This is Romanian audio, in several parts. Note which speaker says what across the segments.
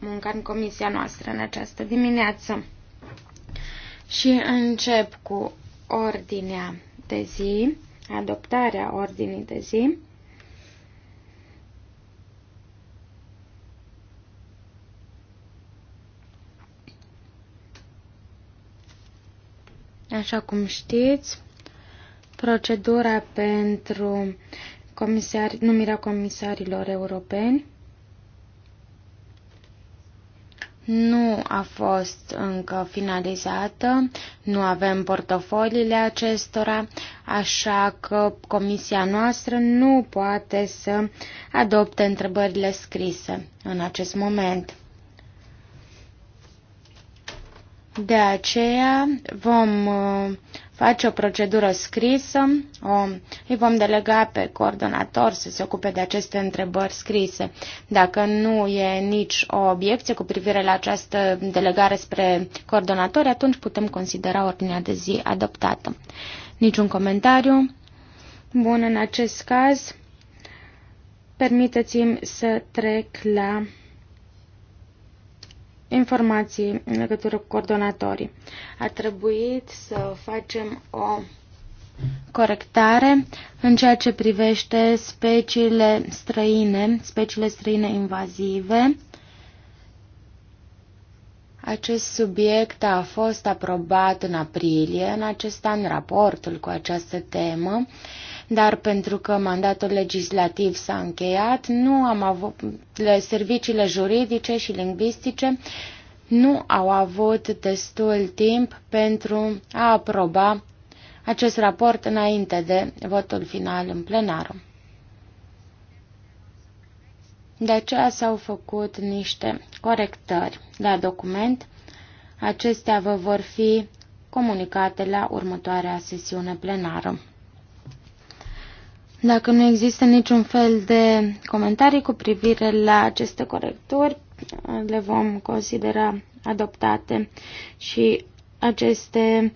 Speaker 1: munca în comisia noastră în această dimineață. Și încep cu ordinea de zi, adoptarea ordinii de zi. Așa cum știți, procedura pentru comisari, numirea comisarilor europeni nu a fost încă finalizată, nu avem portofoliile acestora, așa că comisia noastră nu poate să adopte întrebările scrise în acest moment. De aceea vom uh, face o procedură scrisă, o, îi vom delega pe coordonator să se ocupe de aceste întrebări scrise. Dacă nu e nici o obiecție cu privire la această delegare spre coordonatori, atunci putem considera ordinea de zi adoptată. Niciun comentariu? Bun, în acest caz, permiteți-mi să trec la informații în legătură cu coordonatorii. A trebuit să facem o corectare în ceea ce privește speciile străine, speciile străine invazive. Acest subiect a fost aprobat în aprilie, în acest an raportul cu această temă dar pentru că mandatul legislativ s-a încheiat, nu am avut serviciile juridice și lingvistice nu au avut destul timp pentru a aproba acest raport înainte de votul final în plenară. De aceea s-au făcut niște corectări la document. Acestea vă vor fi comunicate la următoarea sesiune plenară. Dacă nu există niciun fel de comentarii cu privire la aceste corecturi, le vom considera adoptate și aceste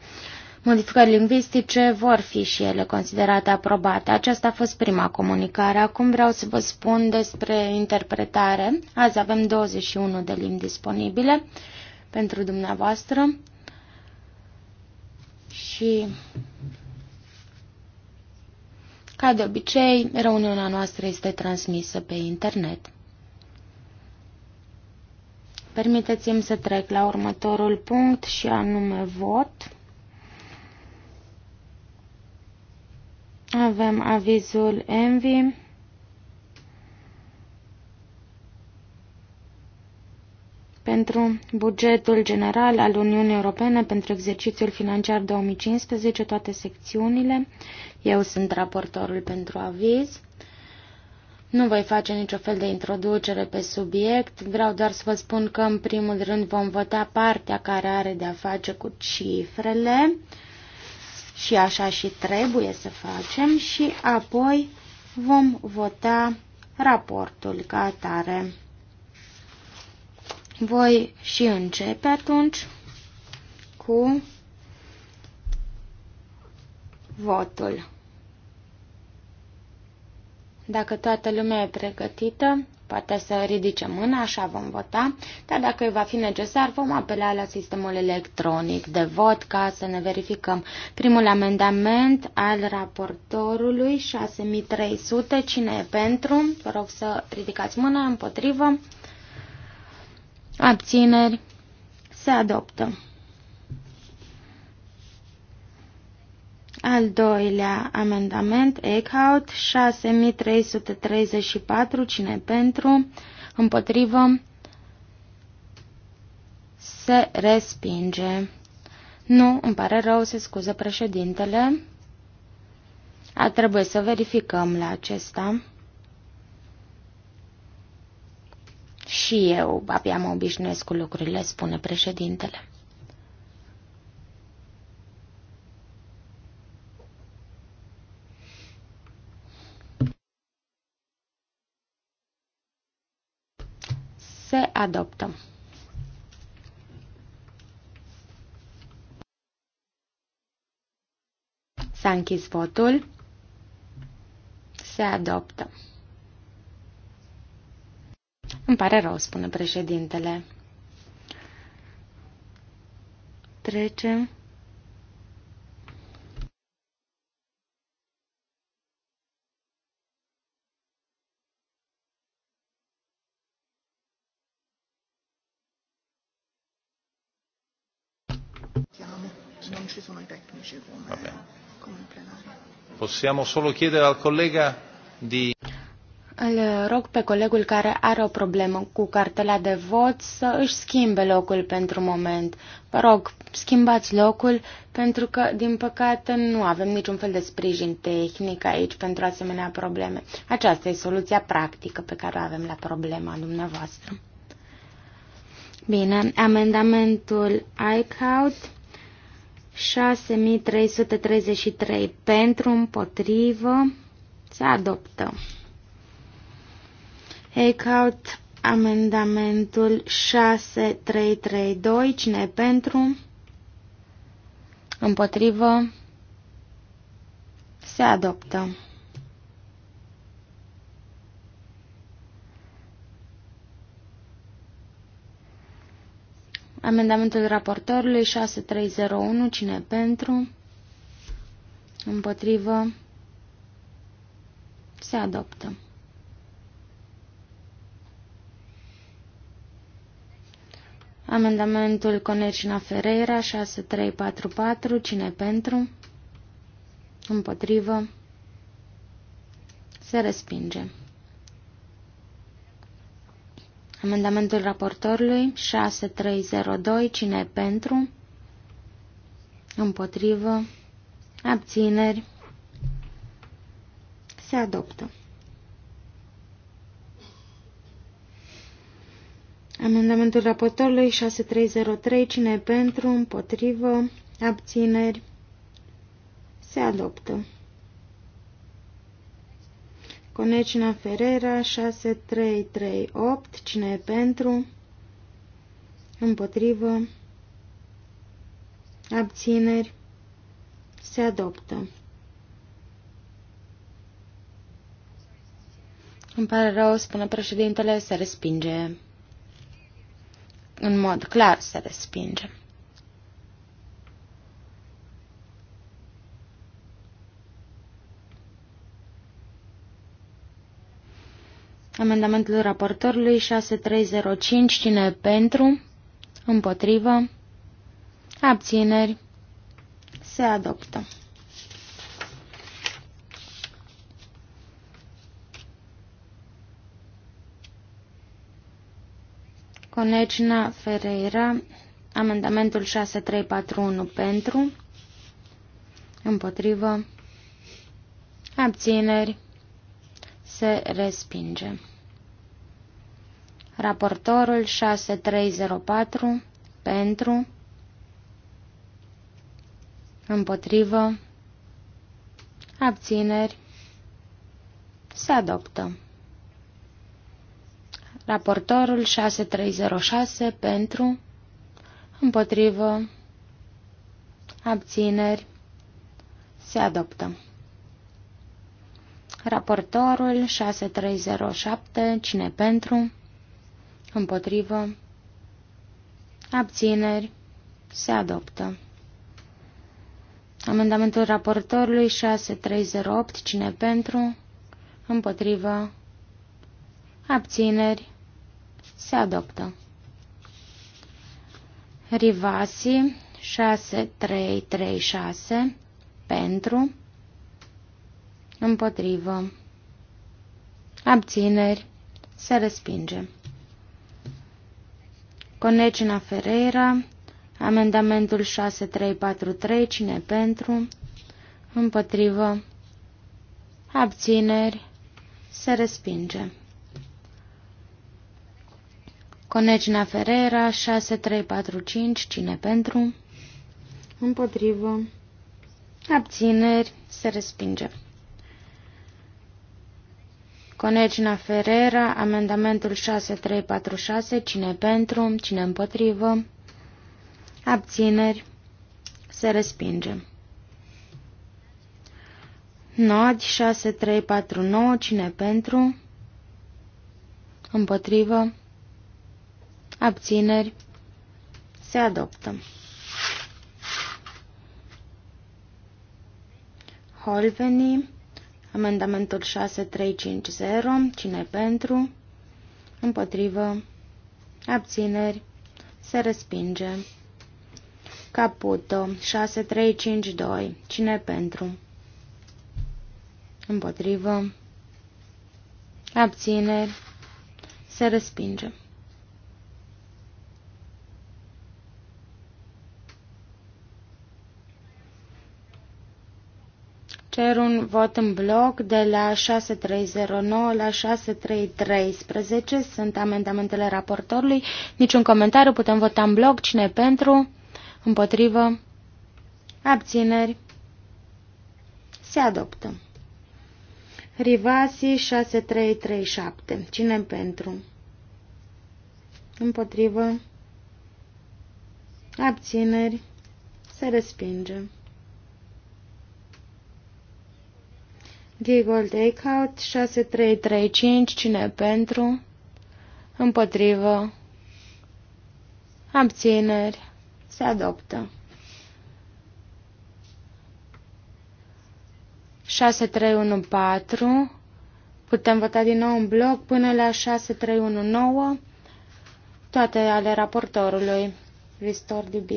Speaker 1: modificări lingvistice vor fi și ele considerate aprobate. Aceasta a fost prima comunicare. Acum vreau să vă spun despre interpretare. Azi avem 21 de limbi disponibile pentru dumneavoastră și ca de obicei, reuniunea noastră este transmisă pe internet. Permiteți-mi să trec la următorul punct și anume vot. Avem avizul Envy. Pentru bugetul general al Uniunii Europene pentru exercițiul financiar 2015, toate secțiunile, eu sunt raportorul pentru aviz. Nu voi face nicio fel de introducere pe subiect, vreau doar să vă spun că în primul rând vom vota partea care are de-a face cu cifrele și așa și trebuie să facem și apoi vom vota raportul ca atare. Voi și începe atunci cu votul. Dacă toată lumea e pregătită, poate să ridice mâna, așa vom vota, dar dacă va fi necesar, vom apela la sistemul electronic de vot ca să ne verificăm. Primul amendament al raportorului 6300, cine e pentru? Vă rog să ridicați mâna împotrivă abțineri, se adoptă. Al doilea amendament, Eckhout, 6334, cine pentru, împotrivă, se respinge. Nu, îmi pare rău, se scuză președintele. A trebuit să verificăm la acesta. Și eu abia mă obișnuiesc cu lucrurile, spune președintele. se adoptă. S-a închis votul. Se adoptă. Îmi pare rău, spune președintele. Trecem.
Speaker 2: Possiamo solo chiedere al collega di...
Speaker 1: Îl rog pe colegul care are o problemă cu cartela de vot să își schimbe locul pentru moment. Vă rog, schimbați locul pentru că, din păcate, nu avem niciun fel de sprijin tehnic aici pentru asemenea probleme. Aceasta e soluția practică pe care o avem la problema dumneavoastră. Bine, amendamentul iCloud 6333 pentru împotrivă se adoptă caut amendamentul 6332, cine e pentru? Împotrivă? Se adoptă. Amendamentul raportorului 6301, cine e pentru? Împotrivă? Se adoptă. Amendamentul Conecina Ferreira 6344, cine pentru? Împotrivă. Se respinge. Amendamentul raportorului 6302, cine pentru? Împotrivă. Abțineri. Se adoptă. Amendamentul raportorului 6303, cine e pentru, împotrivă, abțineri, se adoptă. Conecina Ferrera 6338, cine e pentru, împotrivă, abțineri, se adoptă. Îmi pare rău, spune președintele, se respinge în mod clar se respinge. Amendamentul raportorului 6305, cine pentru, împotrivă, abțineri, se adoptă. Conecina Ferreira, amendamentul 6341 pentru, împotrivă, abțineri, se respinge. Raportorul 6304 pentru, împotrivă, abțineri, se adoptă. Raportorul 6306 pentru, împotrivă, abțineri, se adoptă. Raportorul 6307, cine pentru, împotrivă, abțineri, se adoptă. Amendamentul raportorului 6308, cine pentru, împotrivă, abțineri, se adoptă. Rivasi 6336 pentru împotrivă abțineri se respinge. Conecina Ferreira amendamentul 6343 cine pentru împotrivă abțineri se respinge. Conecina Ferera 6345, cine pentru? Împotrivă. Abțineri, se respinge. Conecina Ferera amendamentul 6346, cine pentru, cine împotrivă, abțineri, se respinge. Nod 6349, cine pentru, împotrivă, Abțineri. Se adoptă. Holveni. Amendamentul 6350. Cine pentru? Împotrivă. Abțineri. Se respinge. Caputo. 6352. Cine pentru? Împotrivă. Abțineri. Se respinge. Cer un vot în bloc de la 6309 la 6313. Sunt amendamentele raportorului. Niciun comentariu. Putem vota în bloc. Cine pentru? Împotrivă? Abțineri? Se adoptă. Rivasi 6337. Cine pentru? Împotrivă? Abțineri? Se respinge. Giggle Takeout 6335, cine pentru, împotrivă, abțineri, se adoptă. 6314, putem vota din nou în bloc până la 6319, toate ale raportorului Vistor DB.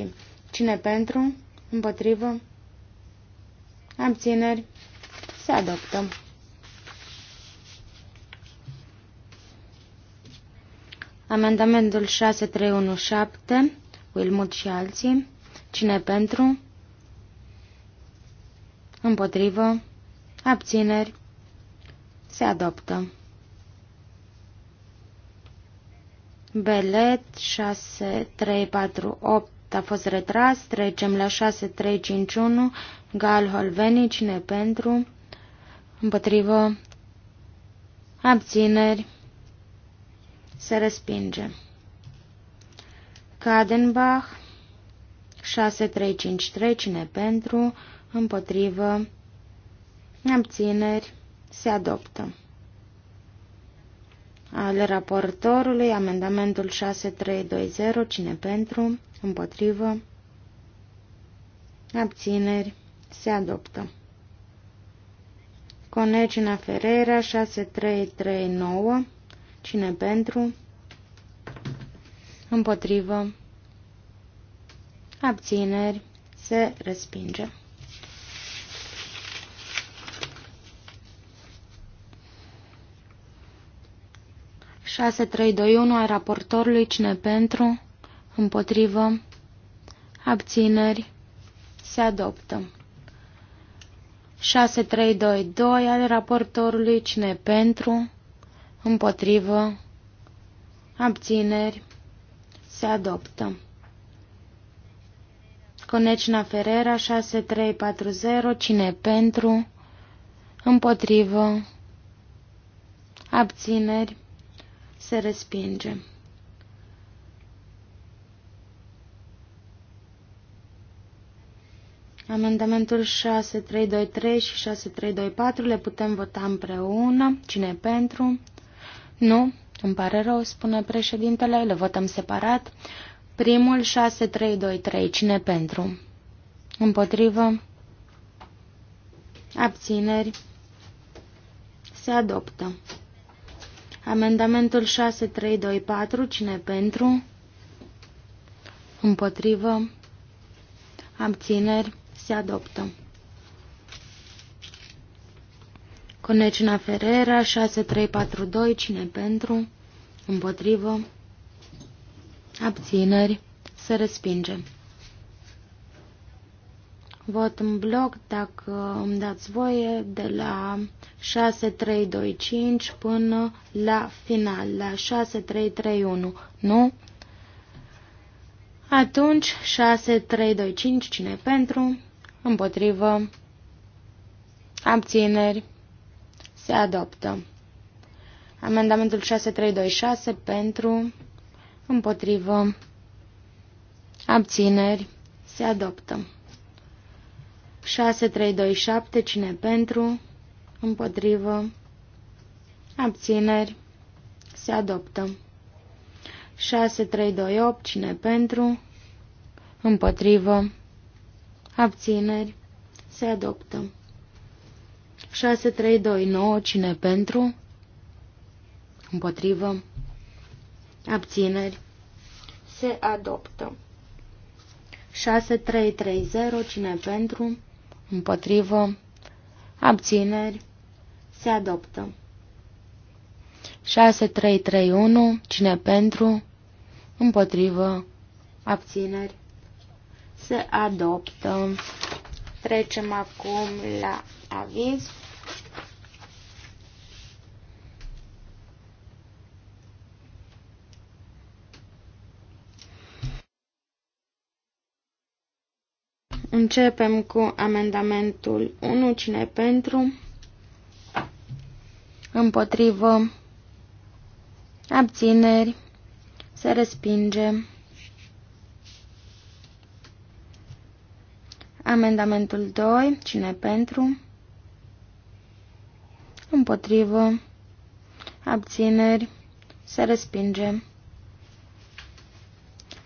Speaker 1: Cine pentru, împotrivă, abțineri, se adoptă. Amendamentul 6317, Wilmut și alții. Cine pentru? Împotrivă. Abțineri. Se adoptă. Belet 6348 a fost retras. Trecem la 6351. Gal Holveni. Cine pentru? împotrivă, abțineri, se respinge. Cadenbach 6353 cine pentru, împotrivă, abțineri, se adoptă. Ale raportorului, amendamentul 6320, cine pentru, împotrivă, abțineri, se adoptă. Conecina Ferreira 6339. Cine pentru? Împotrivă. Abțineri. Se respinge. șase trei doi unu ai raportorului cine pentru împotrivă abțineri se adoptă 6322 al raportorului cine pentru, împotrivă, abțineri, se adoptă. Conecina Ferera 6340 cine pentru, împotrivă, abțineri, se respinge. Amendamentul 6323 și 6324 le putem vota împreună. Cine e pentru? Nu, îmi pare rău, spune președintele, le votăm separat. Primul 6323, cine e pentru? Împotrivă? Abțineri? Se adoptă. Amendamentul 6324, cine e pentru? Împotrivă? Abțineri? se adoptă. Conecina ferera 6342, cine pentru, împotrivă, abțineri, se respinge. Vot în bloc, dacă îmi dați voie, de la 6325 până la final, la 6331, nu? Atunci, 6325, cine pentru, împotrivă, abțineri, se adoptă. Amendamentul 6326 pentru, împotrivă, abțineri, se adoptă. 6327 cine pentru, împotrivă, abțineri, se adoptă. 6328 cine pentru, împotrivă, Abțineri. Se adoptă. 6-3-2-9. Cine pentru? Împotrivă. Abțineri. Se adoptă. 6-3-3-0. Cine pentru? Împotrivă. Abțineri. Se adoptă. 6-3-3-1. Cine pentru? Împotrivă. Abțineri se adoptă. Trecem acum la aviz. Începem cu amendamentul 1. Cine pentru? Împotrivă. Abțineri. Se respinge. Amendamentul 2. Cine pentru? Împotrivă. Abțineri. Se respinge.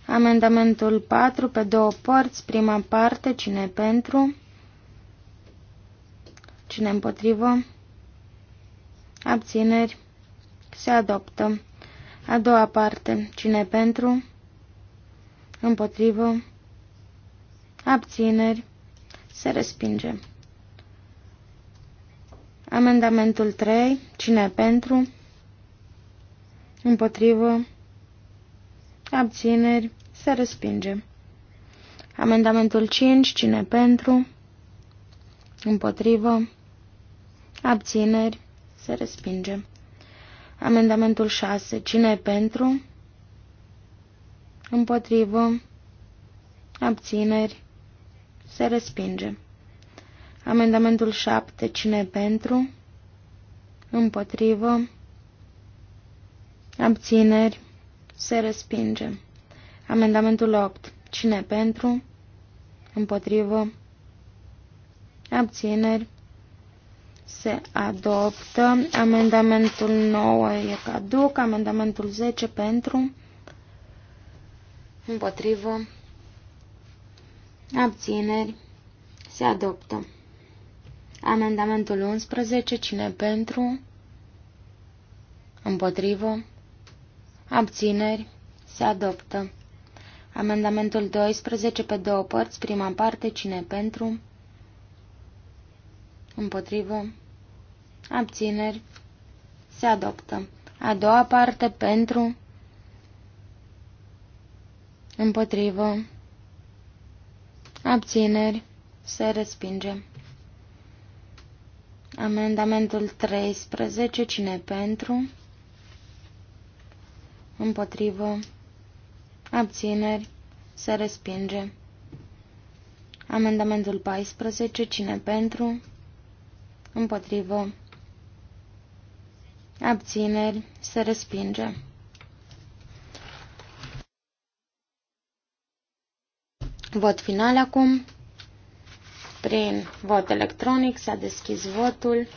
Speaker 1: Amendamentul 4 pe două părți, prima parte, cine pentru, cine împotrivă, abțineri, se adoptă. A doua parte, cine pentru, împotrivă, abțineri, se respinge. Amendamentul 3. Cine pentru? Împotrivă. Abțineri. Se respinge. Amendamentul 5. Cine pentru? Împotrivă. Abțineri. Se respinge. Amendamentul 6. Cine pentru? Împotrivă. Abțineri. Se respinge. Amendamentul 7. Cine pentru? Împotrivă. Abțineri. Se respinge. Amendamentul 8. Cine pentru? Împotrivă. Abțineri. Se adoptă. Amendamentul 9 e caduc. Amendamentul 10 pentru. Împotrivă. Abțineri. Se adoptă. Amendamentul 11. Cine pentru? Împotrivă. Abțineri. Se adoptă. Amendamentul 12 pe două părți, prima parte, cine pentru? Împotrivă. Abțineri. Se adoptă. A doua parte, pentru? Împotrivă. Abțineri. Se respinge. Amendamentul 13. Cine pentru? Împotrivă. Abțineri. Se respinge. Amendamentul 14. Cine pentru? Împotrivă. Abțineri. Se respinge. Vot final acum. Prin vot electronic s-a deschis votul.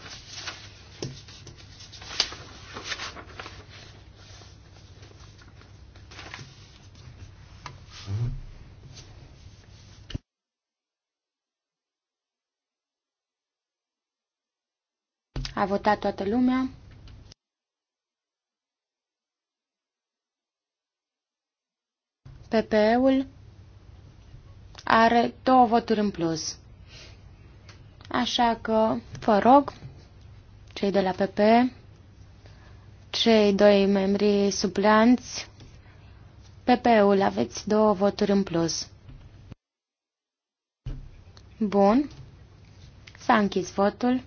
Speaker 1: A votat toată lumea. PPE-ul are două voturi în plus. Așa că vă rog, cei de la PP, cei doi membri supleanți, PP-ul aveți două voturi în plus. Bun. S-a închis votul.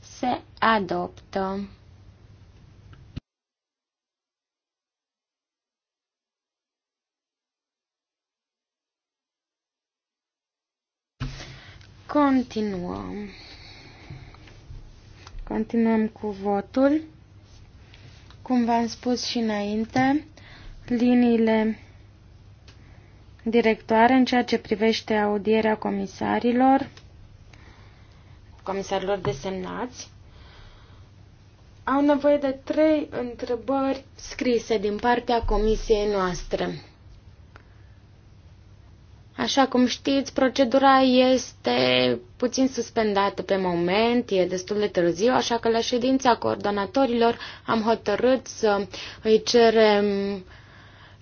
Speaker 1: Se adoptă. Continuăm. Continuăm cu votul. Cum v-am spus și înainte, liniile directoare în ceea ce privește audierea comisarilor, comisarilor desemnați, au nevoie de trei întrebări scrise din partea comisiei noastre. Așa cum știți, procedura este puțin suspendată pe moment, e destul de târziu, așa că la ședința coordonatorilor am hotărât să îi cerem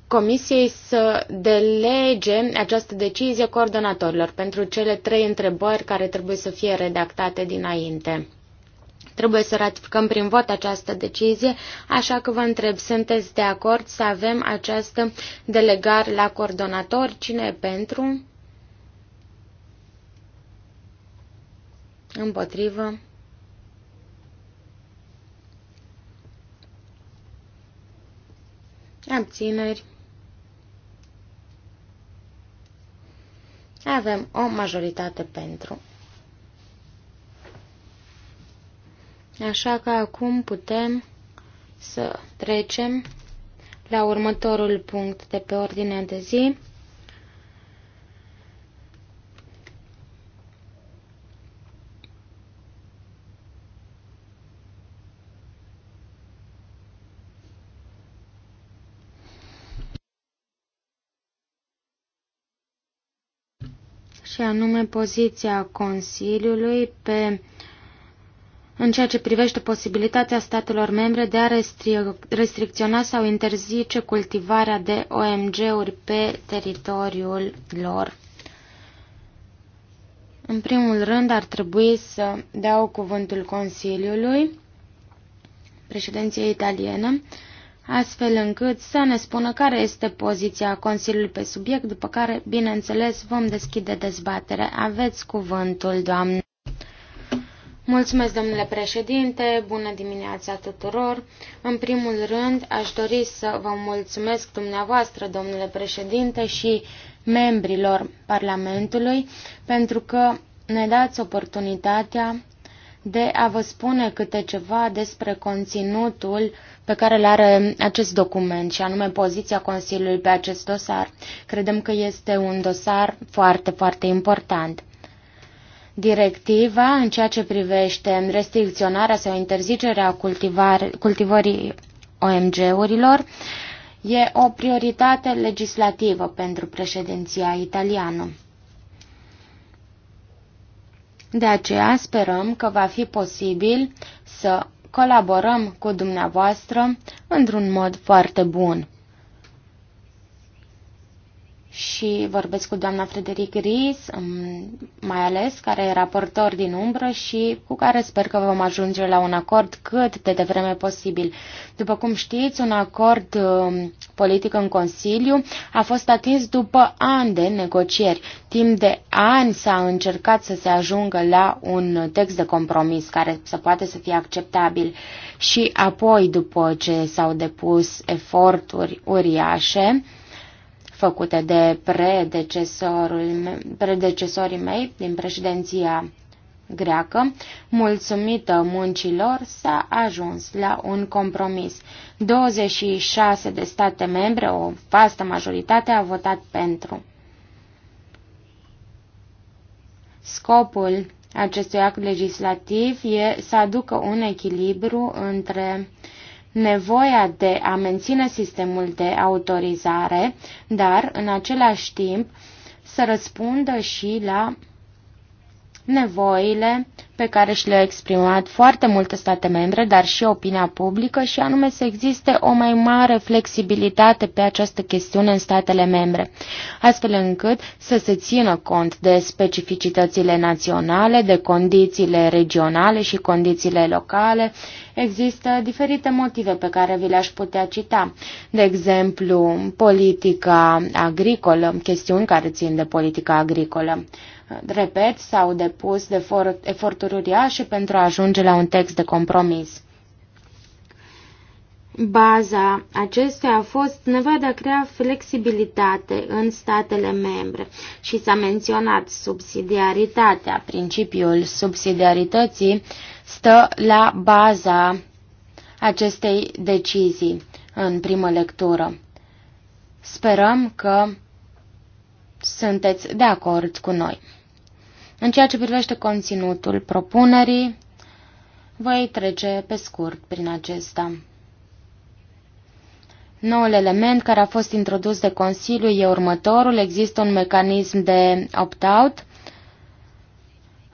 Speaker 1: Comisiei să delege această decizie coordonatorilor pentru cele trei întrebări care trebuie să fie redactate dinainte. Trebuie să ratificăm prin vot această decizie, așa că vă întreb, sunteți de acord să avem această delegare la coordonator? Cine e pentru? Împotrivă? Abțineri? avem o majoritate pentru. Așa că acum putem să trecem la următorul punct de pe ordinea de zi. și anume poziția Consiliului pe în ceea ce privește posibilitatea statelor membre de a restricționa sau interzice cultivarea de OMG-uri pe teritoriul lor. În primul rând ar trebui să dau cuvântul Consiliului, președinției italiene, astfel încât să ne spună care este poziția Consiliului pe subiect, după care, bineînțeles, vom deschide dezbatere. Aveți cuvântul, doamnă. Mulțumesc, domnule președinte, bună dimineața tuturor. În primul rând, aș dori să vă mulțumesc dumneavoastră, domnule președinte, și membrilor Parlamentului, pentru că ne dați oportunitatea de a vă spune câte ceva despre conținutul pe care îl are acest document, și anume poziția Consiliului pe acest dosar. Credem că este un dosar foarte, foarte important. Directiva în ceea ce privește restricționarea sau interzicerea cultivării OMG-urilor e o prioritate legislativă pentru președinția italiană. De aceea sperăm că va fi posibil să colaborăm cu dumneavoastră într-un mod foarte bun și vorbesc cu doamna Frederic Ries, mai ales, care e raportor din umbră și cu care sper că vom ajunge la un acord cât de devreme posibil. După cum știți, un acord um, politic în Consiliu a fost atins după ani de negocieri. Timp de ani s-a încercat să se ajungă la un text de compromis care să poate să fie acceptabil și apoi, după ce s-au depus eforturi uriașe, făcute de predecesorul, predecesorii mei din președinția greacă, mulțumită muncilor, s-a ajuns la un compromis. 26 de state membre, o vastă majoritate, a votat pentru. Scopul acestui act legislativ e să aducă un echilibru între uh, nevoia de a menține sistemul de autorizare, dar în același timp să răspundă și la nevoile pe care și le-au exprimat foarte multe state membre, dar și opinia publică, și anume să existe o mai mare flexibilitate pe această chestiune în statele membre, astfel încât să se țină cont de specificitățile naționale, de condițiile regionale și condițiile locale Există diferite motive pe care vi le-aș putea cita. De exemplu, politica agricolă, chestiuni care țin de politica agricolă. Repet, s-au depus de eforturi uriașe pentru a ajunge la un text de compromis. Baza acestuia a fost nevoia de a crea flexibilitate în statele membre și s-a menționat subsidiaritatea, principiul subsidiarității stă la baza acestei decizii în primă lectură. Sperăm că sunteți de acord cu noi. În ceea ce privește conținutul propunerii, voi trece pe scurt prin acesta. Noul element care a fost introdus de Consiliu e următorul. Există un mecanism de opt-out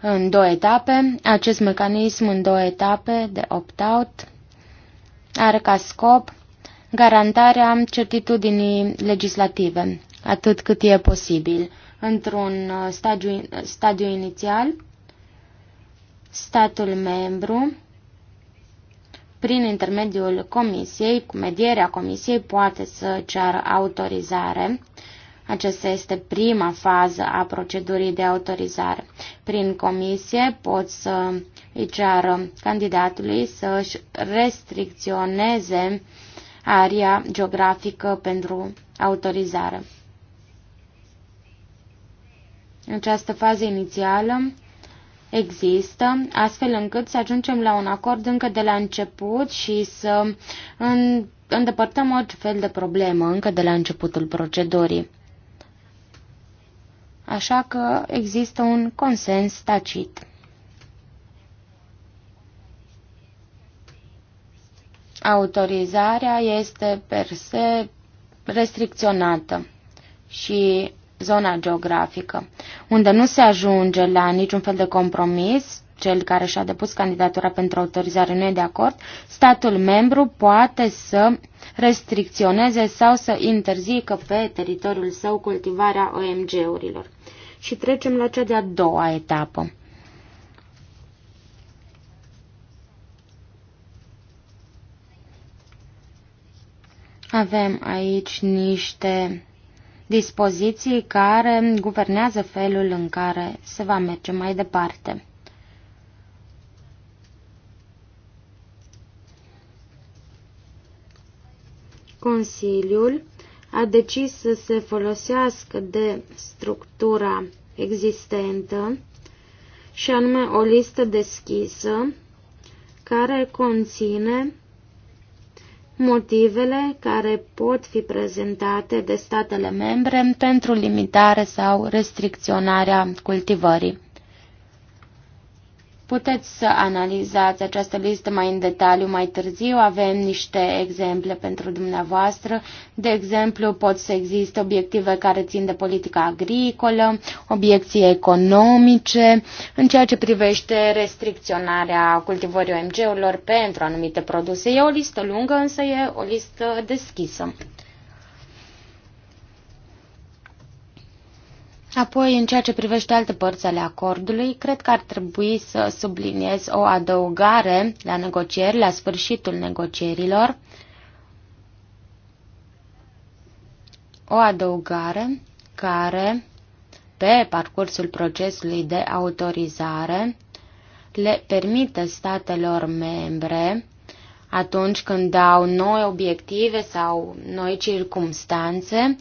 Speaker 1: în două etape. Acest mecanism în două etape de opt-out are ca scop garantarea certitudinii legislative, atât cât e posibil. Într-un uh, stadiu, stadiu inițial, statul membru, prin intermediul comisiei, cu medierea comisiei, poate să ceară autorizare aceasta este prima fază a procedurii de autorizare. Prin comisie pot să îi ceară candidatului să își restricționeze aria geografică pentru autorizare. În această fază inițială există, astfel încât să ajungem la un acord încă de la început și să îndepărtăm orice fel de problemă încă de la începutul procedurii așa că există un consens tacit. Autorizarea este per se restricționată și zona geografică, unde nu se ajunge la niciun fel de compromis, cel care și-a depus candidatura pentru autorizare nu e de acord, statul membru poate să restricționeze sau să interzică pe teritoriul său cultivarea OMG-urilor și trecem la cea de-a doua etapă. Avem aici niște dispoziții care guvernează felul în care se va merge mai departe. Consiliul a decis să se folosească de structura existentă și anume o listă deschisă care conține motivele care pot fi prezentate de statele membre pentru limitare sau restricționarea cultivării. Puteți să analizați această listă mai în detaliu mai târziu. Avem niște exemple pentru dumneavoastră. De exemplu, pot să existe obiective care țin de politica agricolă, obiecții economice, în ceea ce privește restricționarea cultivării OMG-urilor pentru anumite produse. E o listă lungă, însă e o listă deschisă. Apoi, în ceea ce privește alte părți ale acordului, cred că ar trebui să subliniez o adăugare la negocieri, la sfârșitul negocierilor, o adăugare care, pe parcursul procesului de autorizare, le permite statelor membre, atunci când au noi obiective sau noi circumstanțe,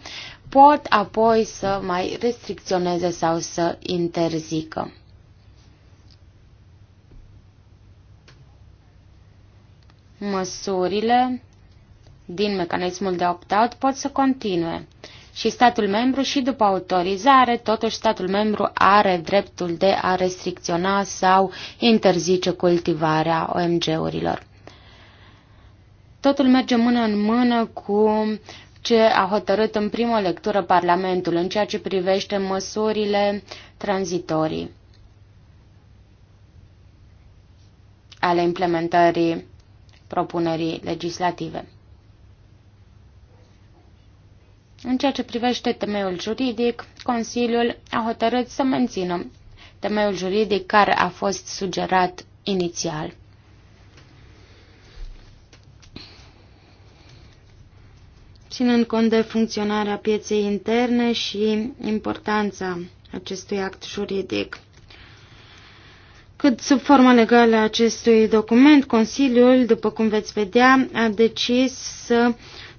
Speaker 1: pot apoi să mai restricționeze sau să interzică. Măsurile din mecanismul de opt-out pot să continue și statul membru și după autorizare, totuși statul membru are dreptul de a restricționa sau interzice cultivarea OMG-urilor. Totul merge mână în mână cu ce a hotărât în primă lectură Parlamentul în ceea ce privește măsurile tranzitorii ale implementării propunerii legislative. În ceea ce privește temeiul juridic, Consiliul a hotărât să mențină temeiul juridic care a fost sugerat inițial. ținând cont de funcționarea pieței interne și importanța acestui act juridic. Cât sub forma legală a acestui document, Consiliul, după cum veți vedea, a decis să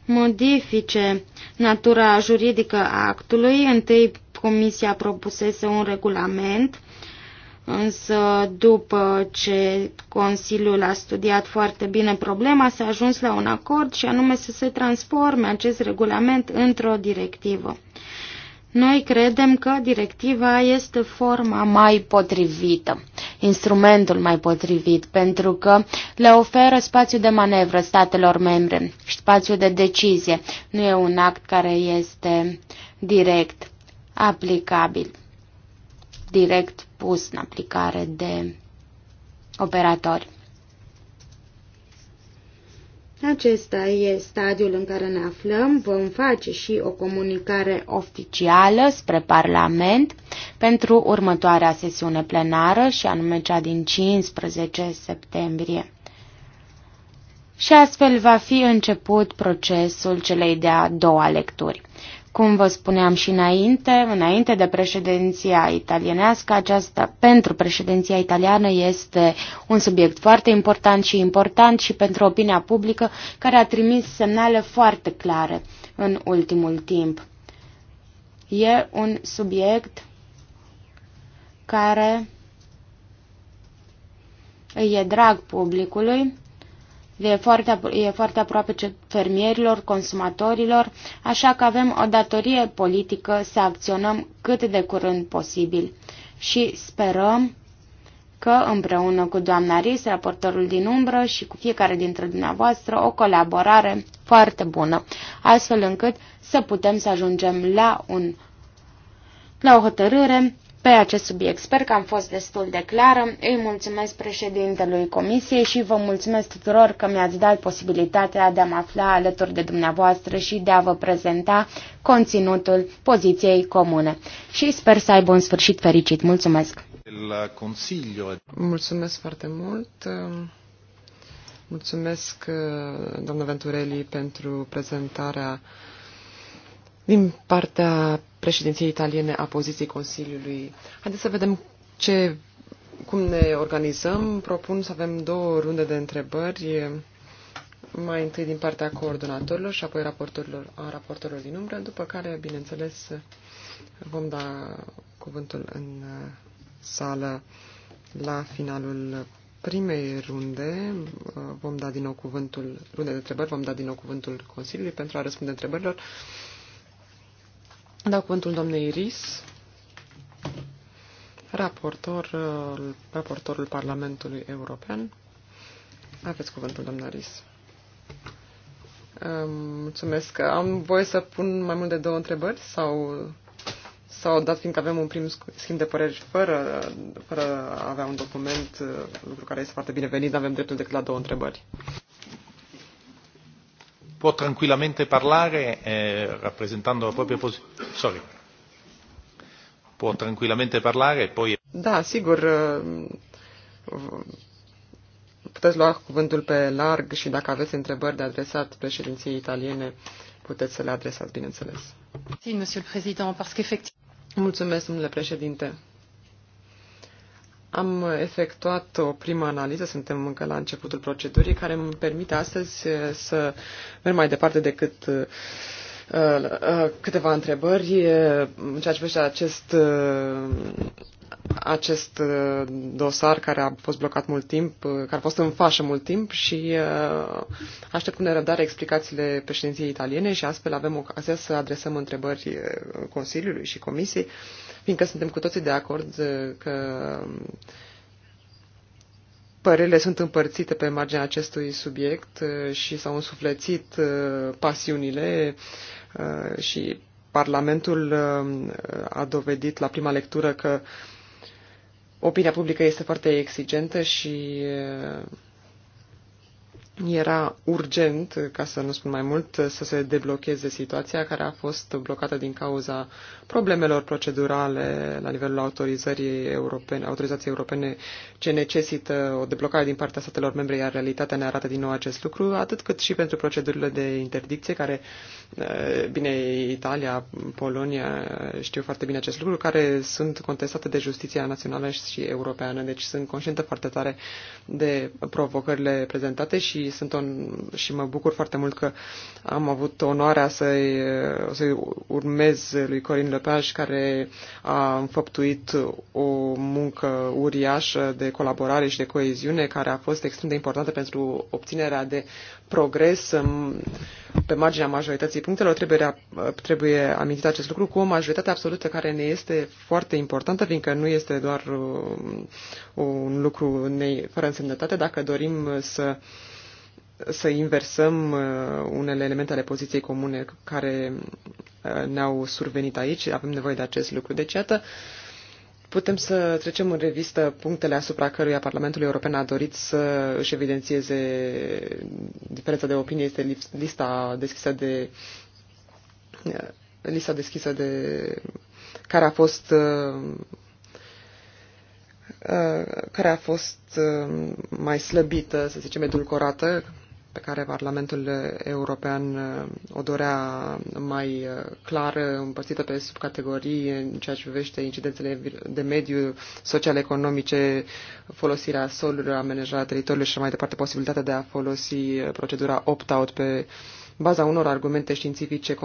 Speaker 1: modifice natura juridică a actului. Întâi Comisia propusese un regulament Însă, după ce Consiliul a studiat foarte bine problema, s-a ajuns la un acord și anume să se transforme acest regulament într-o directivă. Noi credem că directiva este forma mai potrivită, instrumentul mai potrivit, pentru că le oferă spațiu de manevră statelor membre și spațiu de decizie. Nu e un act care este direct aplicabil direct pus în aplicare de operatori. Acesta e stadiul în care ne aflăm. Vom face și o comunicare oficială spre Parlament pentru următoarea sesiune plenară și anume cea din 15 septembrie. Și astfel va fi început procesul celei de-a doua lecturi. Cum vă spuneam și înainte, înainte de președinția italienească, aceasta pentru președinția italiană este un subiect foarte important și important și pentru opinia publică, care a trimis semnale foarte clare în ultimul timp. E un subiect care îi e drag publicului e foarte, e foarte aproape fermierilor, consumatorilor, așa că avem o datorie politică să acționăm cât de curând posibil. Și sperăm că împreună cu doamna Ris, raportorul din umbră și cu fiecare dintre dumneavoastră o colaborare foarte bună, astfel încât să putem să ajungem la, un, la o hotărâre pe acest subiect. Sper că am fost destul de clară. Îi mulțumesc președintelui Comisiei și vă mulțumesc tuturor că mi-ați dat posibilitatea de a mă afla alături de dumneavoastră și de a vă prezenta conținutul poziției comune. Și sper să aibă un sfârșit fericit. Mulțumesc!
Speaker 3: Mulțumesc foarte mult! Mulțumesc, doamnă Venturelli, pentru prezentarea din partea președinției italiene a poziției Consiliului. Haideți să vedem ce, cum ne organizăm. Propun să avem două runde de întrebări, mai întâi din partea coordonatorilor și apoi raportorilor, a raportorilor din umbră, după care, bineînțeles, vom da cuvântul în sală la finalul primei runde vom da din nou cuvântul, runde de întrebări, vom da din nou cuvântul Consiliului pentru a răspunde întrebărilor Dau cuvântul domnului Iris, raportor, raportorul Parlamentului European. Aveți cuvântul, doamna Iris. Mulțumesc. Am voie să pun mai mult de două întrebări sau, sau dat fiindcă avem un prim schimb de păreri fără, fără a avea un document, lucru care este foarte binevenit, avem dreptul decât la două întrebări
Speaker 2: può tranquillamente parlare eh, rappresentando la propria posizione. Può tranquillamente parlare e poi...
Speaker 3: Da, sigur, eh, puteți lua cuvântul pe larg și dacă aveți întrebări de adresat președinției italiene, puteți să le adresați, bineînțeles. Mulțumesc, domnule președinte. Am efectuat o primă analiză, suntem încă la începutul procedurii, care îmi permite astăzi uh, să merg mai departe decât uh, uh, câteva întrebări în ceea ce privește acest acest uh, dosar care a fost blocat mult timp, uh, care a fost în fașă mult timp și uh, aștept cu nerăbdare explicațiile președinției italiene și astfel avem ocazia să adresăm întrebări Consiliului și Comisiei, fiindcă suntem cu toții de acord că um, părerile sunt împărțite pe marginea acestui subiect și s-au însuflețit pasiunile și Parlamentul um, a dovedit la prima lectură că uh, Opinia publică este foarte exigentă și era urgent, ca să nu spun mai mult, să se deblocheze situația care a fost blocată din cauza problemelor procedurale la nivelul autorizării europene, autorizației europene ce necesită o deblocare din partea statelor membre, iar realitatea ne arată din nou acest lucru, atât cât și pentru procedurile de interdicție care, eh, bine, Italia, Polonia știu foarte bine acest lucru, care sunt contestate de justiția națională și europeană, deci sunt conștientă foarte tare de provocările prezentate și și, sunt on, și mă bucur foarte mult că am avut onoarea să-i, să urmez lui Corin Lepage, care a înfăptuit o muncă uriașă de colaborare și de coeziune, care a fost extrem de importantă pentru obținerea de progres pe marginea majorității punctelor. Trebuie, trebuie amintit acest lucru cu o majoritate absolută care ne este foarte importantă, fiindcă nu este doar um, un lucru fără însemnătate. Dacă dorim să să inversăm uh, unele elemente ale poziției comune care uh, ne-au survenit aici. Avem nevoie de acest lucru. Deci, iată, putem să trecem în revistă punctele asupra căruia Parlamentul European a dorit să își evidențieze diferența de opinie. Este lista deschisă de uh, lista deschisă de care a fost care a fost mai slăbită, să zicem, edulcorată, pe care Parlamentul European uh, o dorea mai uh, clară, uh, împărțită pe subcategorii în ceea ce privește incidențele de mediu, social-economice, folosirea solului, amenajarea teritoriului și mai departe, posibilitatea de a folosi procedura opt-out pe baza unor argumente științifice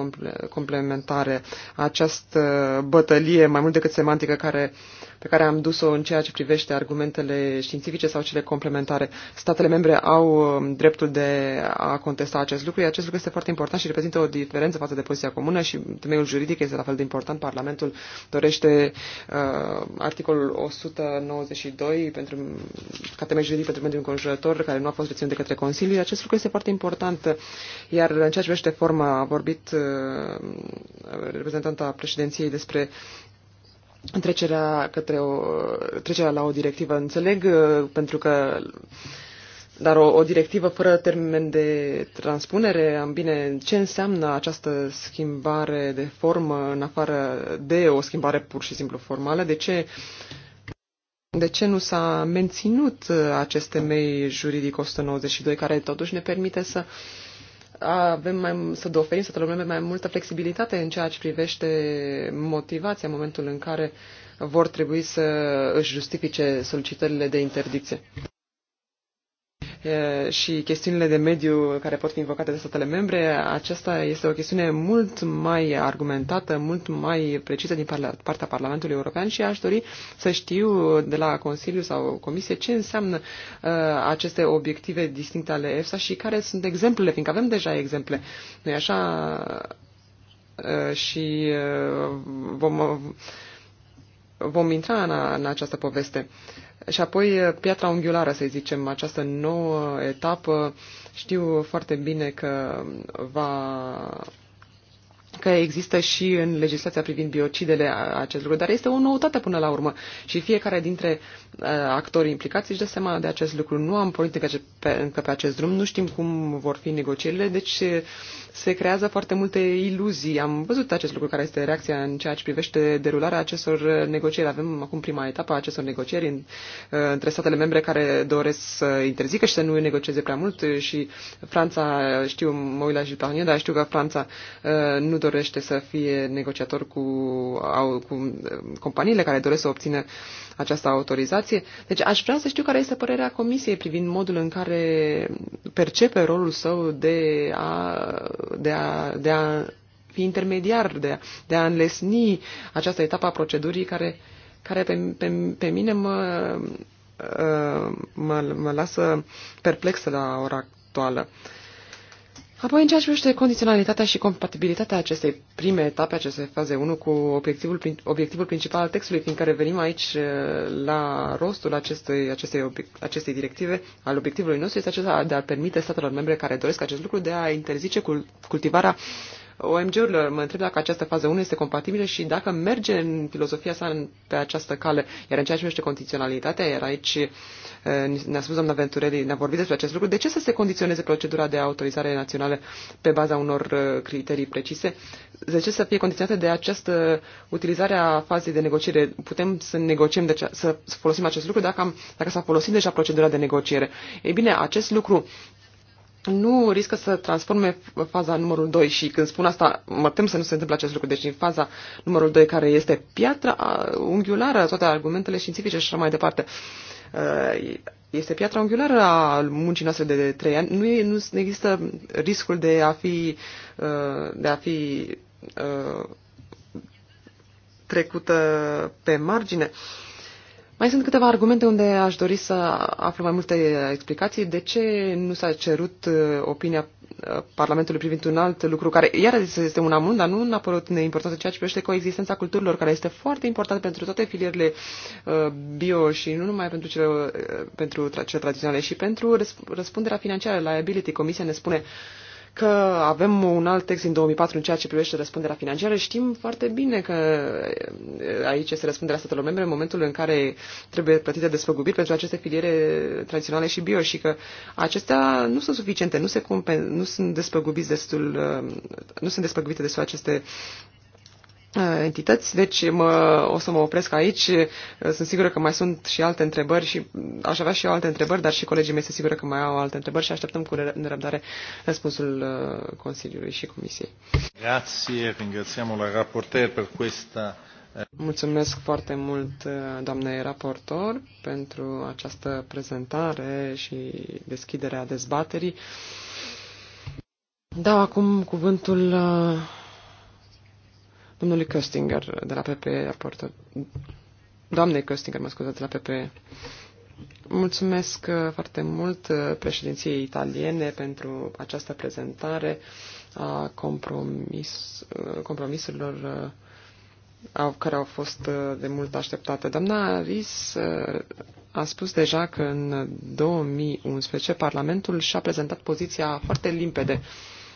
Speaker 3: complementare. Această bătălie, mai mult decât semantică, care pe care am dus-o în ceea ce privește argumentele științifice sau cele complementare. Statele membre au um, dreptul de a contesta acest lucru, iar acest lucru este foarte important și reprezintă o diferență față de poziția comună și temeiul juridic este la fel de important. Parlamentul dorește uh, articolul 192 pentru, ca temei juridic pentru mediul înconjurător, care nu a fost reținut de către Consiliu. Acest lucru este foarte important, iar în ceea ce privește forma a vorbit uh, reprezentanta președinției despre trecerea, către o, trecerea la o directivă. Înțeleg uh, pentru că dar o, o directivă fără termen de transpunere, am bine, ce înseamnă această schimbare de formă în afară de o schimbare pur și simplu formală? De ce, de ce nu s-a menținut acest temei juridic 192 care totuși ne permite să uh, avem mai, să oferim statelor membre mai multă flexibilitate în ceea ce privește motivația în momentul în care vor trebui să își justifice solicitările de interdicție și chestiunile de mediu care pot fi invocate de statele membre, aceasta este o chestiune mult mai argumentată, mult mai precisă din partea Parlamentului European și aș dori să știu de la Consiliu sau Comisie ce înseamnă uh, aceste obiective distincte ale EFSA și care sunt exemplele, fiindcă avem deja exemple. nu așa? Uh, și uh, vom, vom intra în, în această poveste. Uh, și apoi eh, piatra unghiulară, să zicem, această nouă etapă, știu foarte bine că va că există și în legislația privind biocidele acest lucru, dar este o noutate până la urmă și fiecare dintre uh, actorii implicați își dă seama de acest lucru. Nu am încă pe, încă pe acest drum, nu știm cum vor fi negocierile, deci se, se creează foarte multe iluzii. Am văzut acest lucru care este reacția în ceea ce privește derularea acestor negocieri. Avem acum prima etapă a acestor negocieri în, uh, între statele membre care doresc să interzică și să nu negocieze prea mult și Franța, știu, mă uit la Gilles dar știu că Franța uh, nu dorește să fie negociator cu, au, cu eh, companiile care doresc să obțină această autorizație. Deci aș vrea să știu care este părerea Comisiei privind modul în care percepe rolul său de a, de a, de a fi intermediar, de a, de a înlesni această etapă a procedurii care, care pe, pe, pe mine mă, eh, mă, mă lasă perplexă la ora actuală. Uh, Apoi, în ceea ce privește condiționalitatea și compatibilitatea acestei prime etape, acestei faze 1, cu obiectivul, obiectivul principal al textului, fiindcă revenim aici eh, la rostul acestei, acestei, acestei directive, al obiectivului nostru este acesta, de a permite statelor membre care doresc acest lucru de a interzice cultivarea uh, OMG-urilor. Mă întreb dacă această fază 1 este compatibilă și dacă merge în filozofia sa pe această cale. Iar în ceea ce numește condiționalitatea, iar aici eh, ne-a spus doamna Venturelli, ne-a vorbit despre acest lucru, de ce să se condiționeze procedura de autorizare națională pe baza unor eh, criterii precise? De ce să fie condiționată de această utilizare a fazei de negociere? Putem să negociem, deci, să folosim acest lucru dacă, am, dacă s-a folosit deja procedura de negociere. Ei bine, acest lucru nu riscă să transforme faza numărul 2 și când spun asta, mă tem să nu se întâmple acest lucru. Deci în faza numărul 2, care este piatra unghiulară, toate argumentele științifice și așa mai departe, este piatra unghiulară a muncii noastre de 3 ani. Nu, e, nu există riscul de a fi, de a fi trecută pe margine. Uh, mai sunt câteva argumente unde aș dori să aflu mai multe explicații. De ce nu s-a cerut uh, opinia uh, Parlamentului privind un alt lucru care, iar este un amund, dar nu neapărat neimportant ceea ce privește coexistența culturilor, care este foarte important pentru toate filierele uh, bio și nu numai pentru cele, pentru cele tradiționale și pentru răspunderea financiară, liability. Comisia ne spune că avem un alt text din 2004 în ceea ce privește răspunderea financiară. Știm foarte bine că eh, aici este răspunderea statelor membre în momentul în care trebuie plătite desfăgubiri pentru aceste filiere tradiționale și bio și că acestea nu sunt suficiente, nu, se compen- nu sunt despăgubite destul, eh, nu sunt despăgubite destul aceste entități, deci mă, o să mă opresc aici. Sunt sigură că mai sunt și alte întrebări și aș avea și eu alte întrebări, dar și colegii mei sunt sigură că mai au alte întrebări și așteptăm cu nerăbdare răspunsul uh, Consiliului și Comisiei.
Speaker 2: Grazie, la raporter per questa
Speaker 3: eh, Mulțumesc foarte mult, uh, doamne raportor, pentru această prezentare și deschiderea dezbaterii. Dau acum cuvântul uh, domnului Köstinger de la PP raportor, doamnei Köstinger, mă scuzați, de la PP. Mulțumesc uh, foarte mult uh, președinției italiene pentru această prezentare a compromis, uh, compromisurilor care au fost de mult așteptate. Doamna Aris a spus deja că în 2011 Parlamentul și-a prezentat poziția foarte limpede.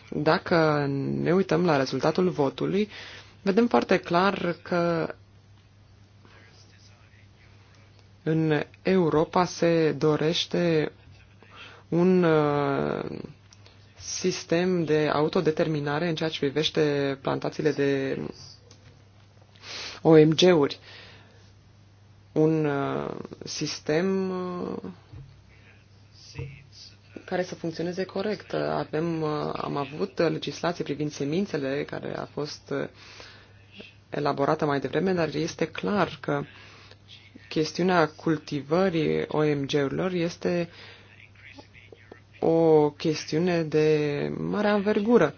Speaker 3: Dacă ne uităm la rezultatul votului, uh, vedem foarte clar că în Europa se dorește un uh, sistem de autodeterminare în ceea ce privește plantațiile de OMG-uri. Un uh, sistem uh, care să funcționeze corect. Avem, am avut legislație privind semințele care a fost uh, elaborată mai devreme, dar este clar că chestiunea cultivării OMG-urilor este o chestiune de mare anvergură.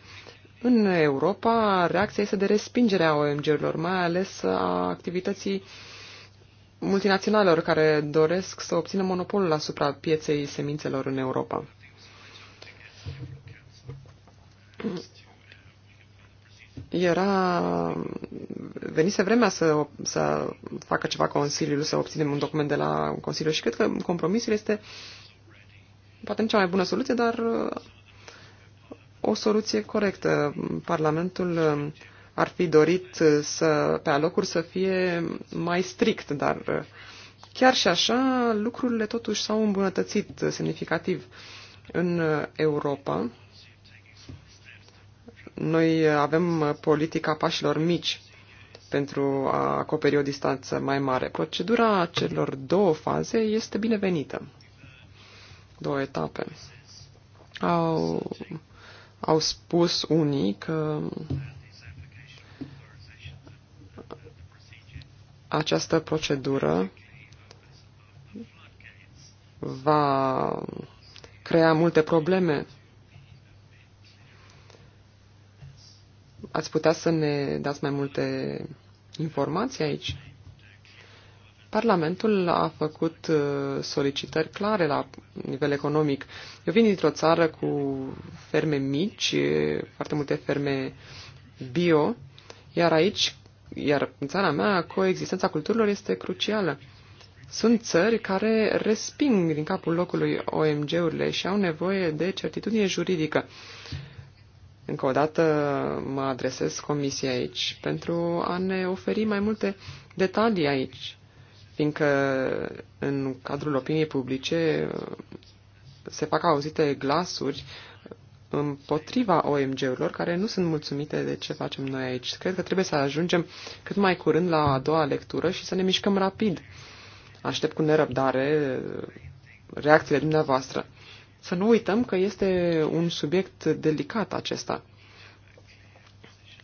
Speaker 3: În Europa, reacția este de respingere a OMG-urilor, mai ales a activității multinaționalelor care doresc să obțină monopolul asupra pieței semințelor în Europa era, venise vremea să, să facă ceva Consiliul, să obținem un document de la Consiliu și cred că compromisul este poate nu cea mai bună soluție, dar uh, o soluție corectă. Parlamentul uh, ar fi dorit uh, să, pe alocuri să fie mai strict, dar chiar și așa lucrurile totuși s-au îmbunătățit semnificativ în Europa noi avem politica pașilor mici pentru a acoperi o distanță mai mare. Procedura celor două faze este binevenită. Două etape. Au, au spus unii că această procedură va crea multe probleme Ați putea să ne dați mai multe informații aici? Parlamentul a făcut uh, solicitări clare la nivel economic. Eu vin dintr-o țară cu ferme mici, foarte multe ferme bio, iar aici, iar în țara mea, coexistența culturilor este crucială. Sunt țări care resping din capul locului OMG-urile și au nevoie de certitudine juridică. Încă o dată mă adresez comisiei aici pentru a ne oferi mai multe detalii aici, fiindcă în cadrul opiniei publice uh, se fac auzite glasuri împotriva OMG-urilor care nu sunt mulțumite de ce facem noi aici. Cred că trebuie să ajungem cât mai curând la a doua lectură și să ne mișcăm rapid. Aștept cu nerăbdare uh, reacțiile dumneavoastră. Să nu uităm că este un subiect delicat acesta.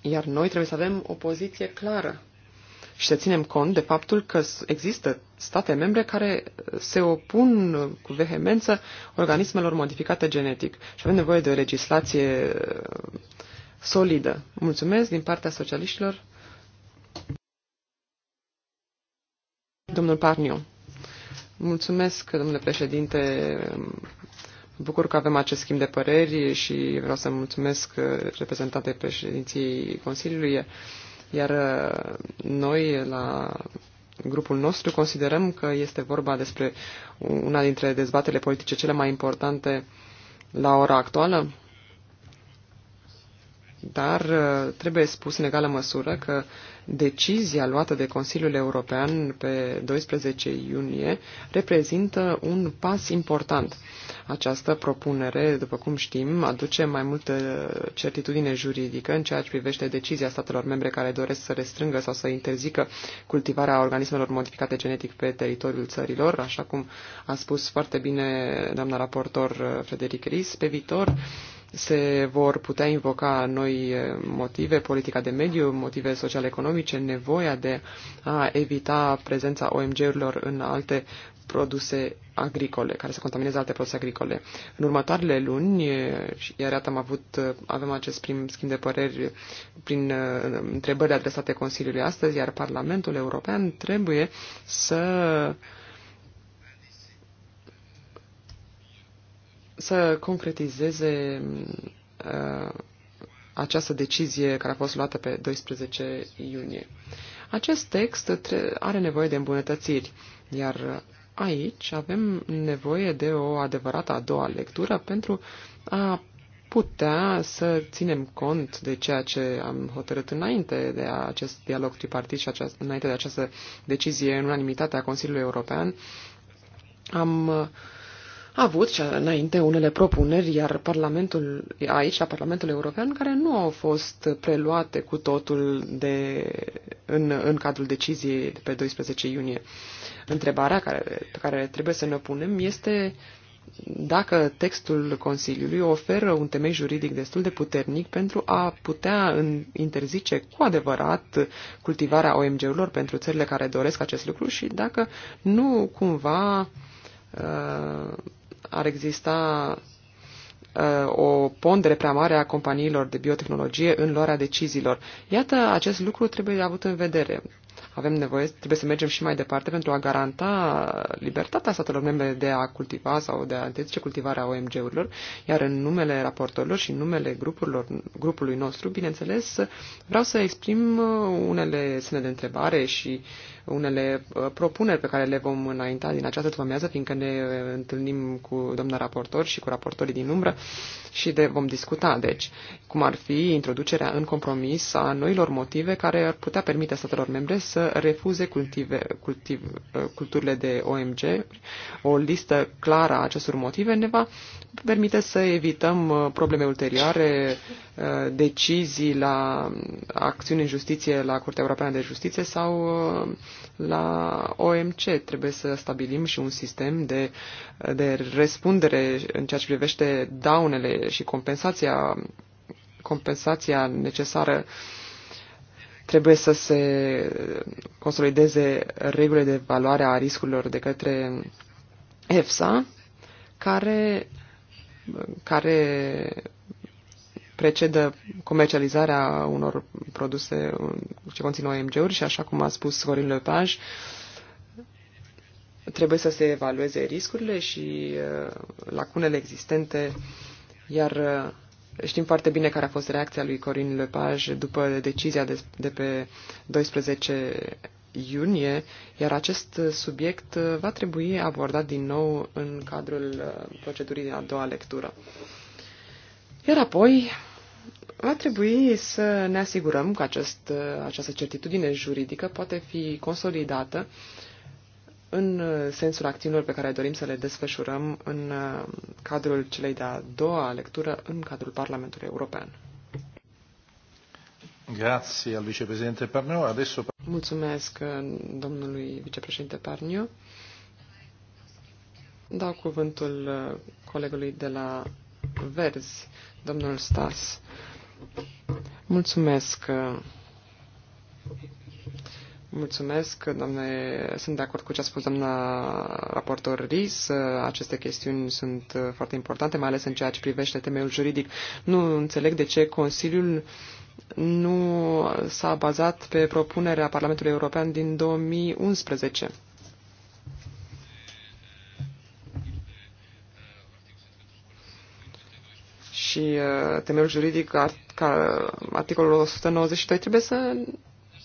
Speaker 3: Iar noi trebuie să avem o poziție clară și să ținem cont de faptul că există state membre care uh, se opun cu vehemență organismelor modificate genetic și avem nevoie de o legislație uh, solidă. Mulțumesc din partea socialiștilor. Domnul Parniu. Mulțumesc, domnule președinte bucur că avem acest schimb de păreri și vreau să mulțumesc uh, reprezentantei președinției Consiliului, iar uh, noi la grupul nostru considerăm că este vorba despre una dintre dezbatele politice cele mai importante la ora actuală dar uh, trebuie spus în egală măsură că decizia luată de Consiliul European pe 12 iunie reprezintă un pas important. Această propunere, după cum știm, aduce mai multă certitudine juridică în ceea ce privește decizia statelor membre care doresc să restrângă sau să interzică cultivarea organismelor modificate genetic pe teritoriul țărilor, așa cum a spus foarte bine doamna raportor uh, Frederic Ries. Pe viitor, se vor putea invoca noi eh, motive, politica de mediu, motive social-economice, nevoia de a evita prezența OMG-urilor în alte produse agricole, care să contaminează alte produse agricole. În următoarele luni, eh, iar iată am avut, eh, avem acest prim schimb de păreri prin întrebări adresate Consiliului astăzi, iar Parlamentul European trebuie să să concretizeze uh, această decizie care a fost luată pe 12 iunie. Acest text are nevoie de îmbunătățiri, iar aici avem nevoie de o adevărată a doua lectură pentru a putea să ținem cont de ceea ce am hotărât înainte de acest dialog tripartit și aceast- înainte de această decizie în unanimitate a Consiliului European. Am uh, a avut și înainte unele propuneri, iar Parlamentul, aici, la Parlamentul European, care nu au fost preluate cu totul de, în, în cadrul deciziei de pe 12 iunie. Întrebarea care, pe care trebuie să ne punem este dacă textul Consiliului oferă un temei juridic destul de puternic pentru a putea interzice cu adevărat cultivarea OMG-urilor pentru țările care doresc acest lucru și dacă nu cumva uh, ar exista uh, o pondere prea mare a companiilor de biotehnologie în luarea deciziilor. Iată, acest lucru trebuie avut în vedere. Avem nevoie, trebuie să mergem și mai departe pentru a garanta libertatea statelor membre de a cultiva sau de a interzice cultivarea OMG-urilor, iar în numele raportorilor și în numele grupurilor, grupului nostru, bineînțeles, vreau să exprim unele semne de întrebare și uh, unele uh, propuneri pe care le vom înainta din această după-amiază, fiindcă ne uh, întâlnim cu domnul raportor și cu raportorii din umbră și de, vom discuta, deci, cum ar fi introducerea în compromis a noilor motive care ar putea permite statelor membre să refuze cultive, cultiv, uh, culturile de OMG. O listă clară a acestor motive ne va permite să evităm probleme ulterioare, decizii la acțiuni în justiție la Curtea Europeană de Justiție sau la OMC. Trebuie să stabilim și un sistem de, de răspundere în ceea ce privește daunele și compensația, compensația necesară trebuie să se consolideze regulile de valoare a riscurilor de către EFSA, care, care precedă comercializarea unor produse ce conțin OMG-uri și așa cum a spus Corin Lepage, trebuie să se evalueze riscurile și uh, lacunele existente, iar uh, știm foarte bine care a fost reacția lui Corin Lepage după decizia de, de pe 12 iunie, iar acest subiect uh, va trebui abordat din nou în cadrul procedurii de a doua lectură. Iar apoi va trebui să ne asigurăm că acest, această certitudine juridică poate fi consolidată în sensul acțiunilor pe care dorim să le desfășurăm în uh, cadrul celei de-a doua lectură în cadrul Parlamentului European.
Speaker 2: Grazie al Parnio.
Speaker 3: Adesso... Mulțumesc uh, domnului vicepreședinte Parnio. Dau cuvântul uh, colegului de la verzi, domnul Stas. Mulțumesc. Mulțumesc, doamne, sunt de acord cu ce a spus doamna raportor RIS. Aceste chestiuni sunt foarte importante, mai ales în ceea ce privește temeiul juridic. Nu înțeleg de ce Consiliul nu s-a bazat pe propunerea Parlamentului European din 2011. și uh, temeiul juridic, articolul 192, trebuie să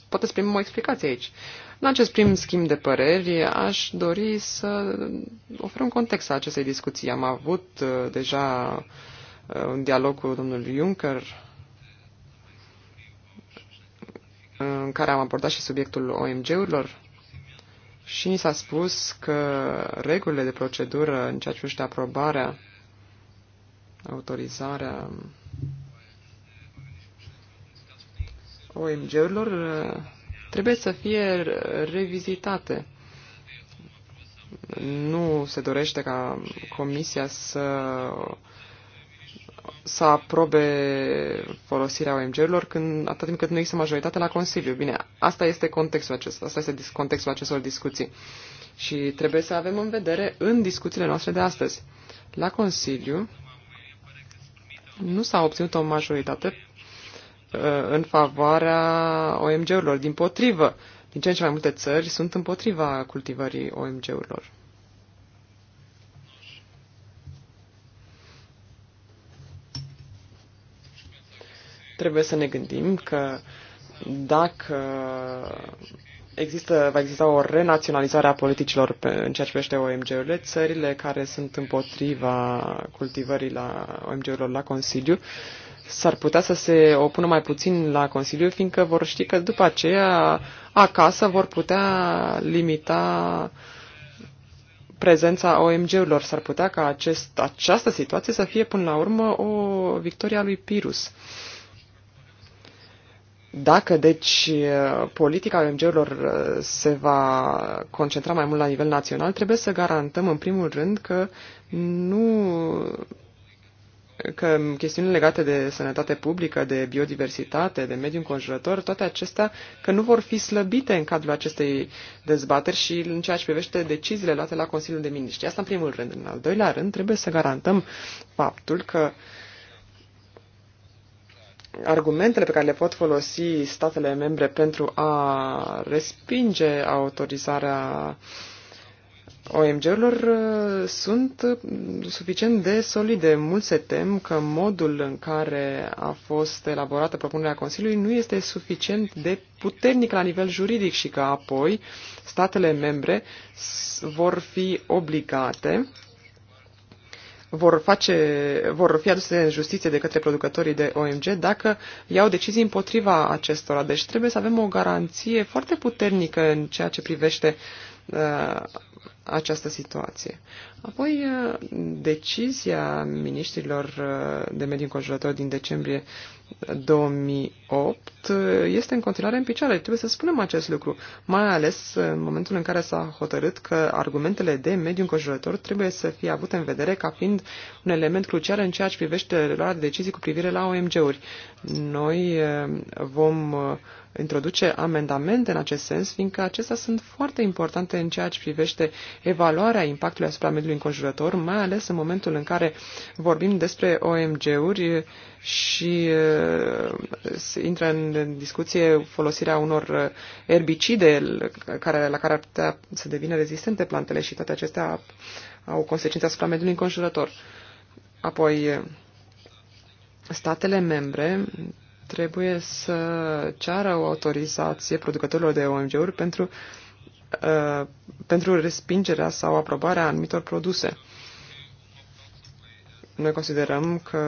Speaker 3: poate primim o explicație aici. În acest prim schimb de păreri, aș dori să ofer un context a acestei discuții. Am avut uh, deja uh, un dialog cu domnul Juncker, în care am abordat și subiectul OMG-urilor și ni s-a spus că regulile de procedură în ceea ce privește aprobarea autorizarea OMG-urilor uh, trebuie să fie revizitate. Nu se dorește ca Comisia să, să aprobe folosirea OMG-urilor când, atât timp cât nu există majoritate la Consiliu. Bine, asta este contextul acesta, asta este contextul acestor discuții. Și trebuie să avem în vedere în discuțiile noastre de astăzi. La Consiliu, nu s-a obținut o majoritate uh, în favoarea OMG-urilor. Din potrivă, din ce în ce mai multe țări sunt împotriva cultivării OMG-urilor. Trebuie să ne gândim că dacă există, va exista o renaționalizare a politicilor pe, în ceea ce privește OMG-urile. Țările care sunt împotriva cultivării la OMG-urilor la Consiliu s-ar putea să se opună mai puțin la Consiliu, fiindcă vor ști că după aceea acasă vor putea limita prezența OMG-urilor. S-ar putea ca acest, această situație să fie până la urmă o victoria lui Pirus. Uh, dacă, deci, politica OMG-urilor uh, se va concentra mai mult la nivel național, trebuie să garantăm, în primul rând, că nu că chestiunile legate de sănătate publică, de biodiversitate, de mediu înconjurător, toate acestea, că nu vor fi slăbite în cadrul acestei dezbateri și în ceea ce privește deciziile luate la Consiliul de Miniștri. Asta în primul rând. În al doilea rând, trebuie să garantăm faptul că uh, argumentele pe care le pot folosi statele membre pentru a respinge autorizarea OMG-urilor uh, sunt uh, suficient de solide. Mulți se tem că modul în care a fost elaborată propunerea Consiliului nu este suficient de puternic la nivel juridic și că apoi statele membre vor fi obligate vor, face, vor fi aduse în justiție de către producătorii de OMG dacă iau decizii împotriva acestora. Deci trebuie să avem o garanție foarte puternică în ceea ce privește uh, Uh, această situație. Apoi, uh, decizia ministrilor uh, de mediu înconjurător din decembrie 2008 este în continuare în picioare. Trebuie să spunem acest lucru, mai ales în momentul în care s-a hotărât că argumentele de mediu înconjurător trebuie să fie avute în vedere ca fiind un element crucial în ceea ce privește luarea de decizii cu privire la OMG-uri. Noi vom introduce amendamente în acest sens, fiindcă acestea sunt foarte importante în ceea ce privește evaluarea impactului asupra mediului înconjurător, mai ales în momentul în care vorbim despre OMG-uri și se eh, intră în discuție folosirea unor eh, erbicide care, la care ar putea să devină rezistente plantele și toate acestea au consecințe asupra mediului înconjurător. Apoi, eh, statele membre trebuie să ceară o autorizație producătorilor de OMG-uri pentru, uh, pentru respingerea sau aprobarea anumitor produse. Noi considerăm că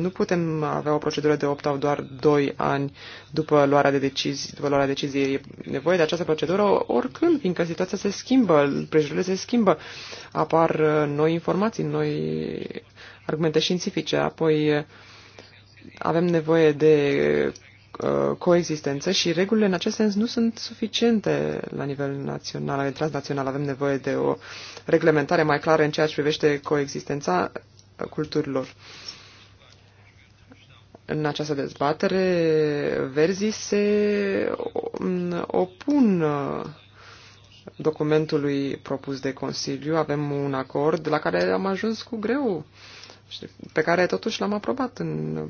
Speaker 3: nu putem avea o procedură de opt sau doar 2 ani după luarea, de decizii, după luarea deciziei. E nevoie de această procedură oricând, fiindcă situația se schimbă, prejurile se schimbă, apar uh, noi informații, noi argumente științifice, apoi uh, avem nevoie de uh, coexistență și regulile în acest sens nu sunt suficiente la nivel național, la nivel transnațional. Avem nevoie de o reglementare mai clară în ceea ce privește coexistența culturilor. În această dezbatere, verzii se um, opun uh, documentului propus de Consiliu. Avem un acord la care am ajuns cu greu și pe care totuși l-am aprobat în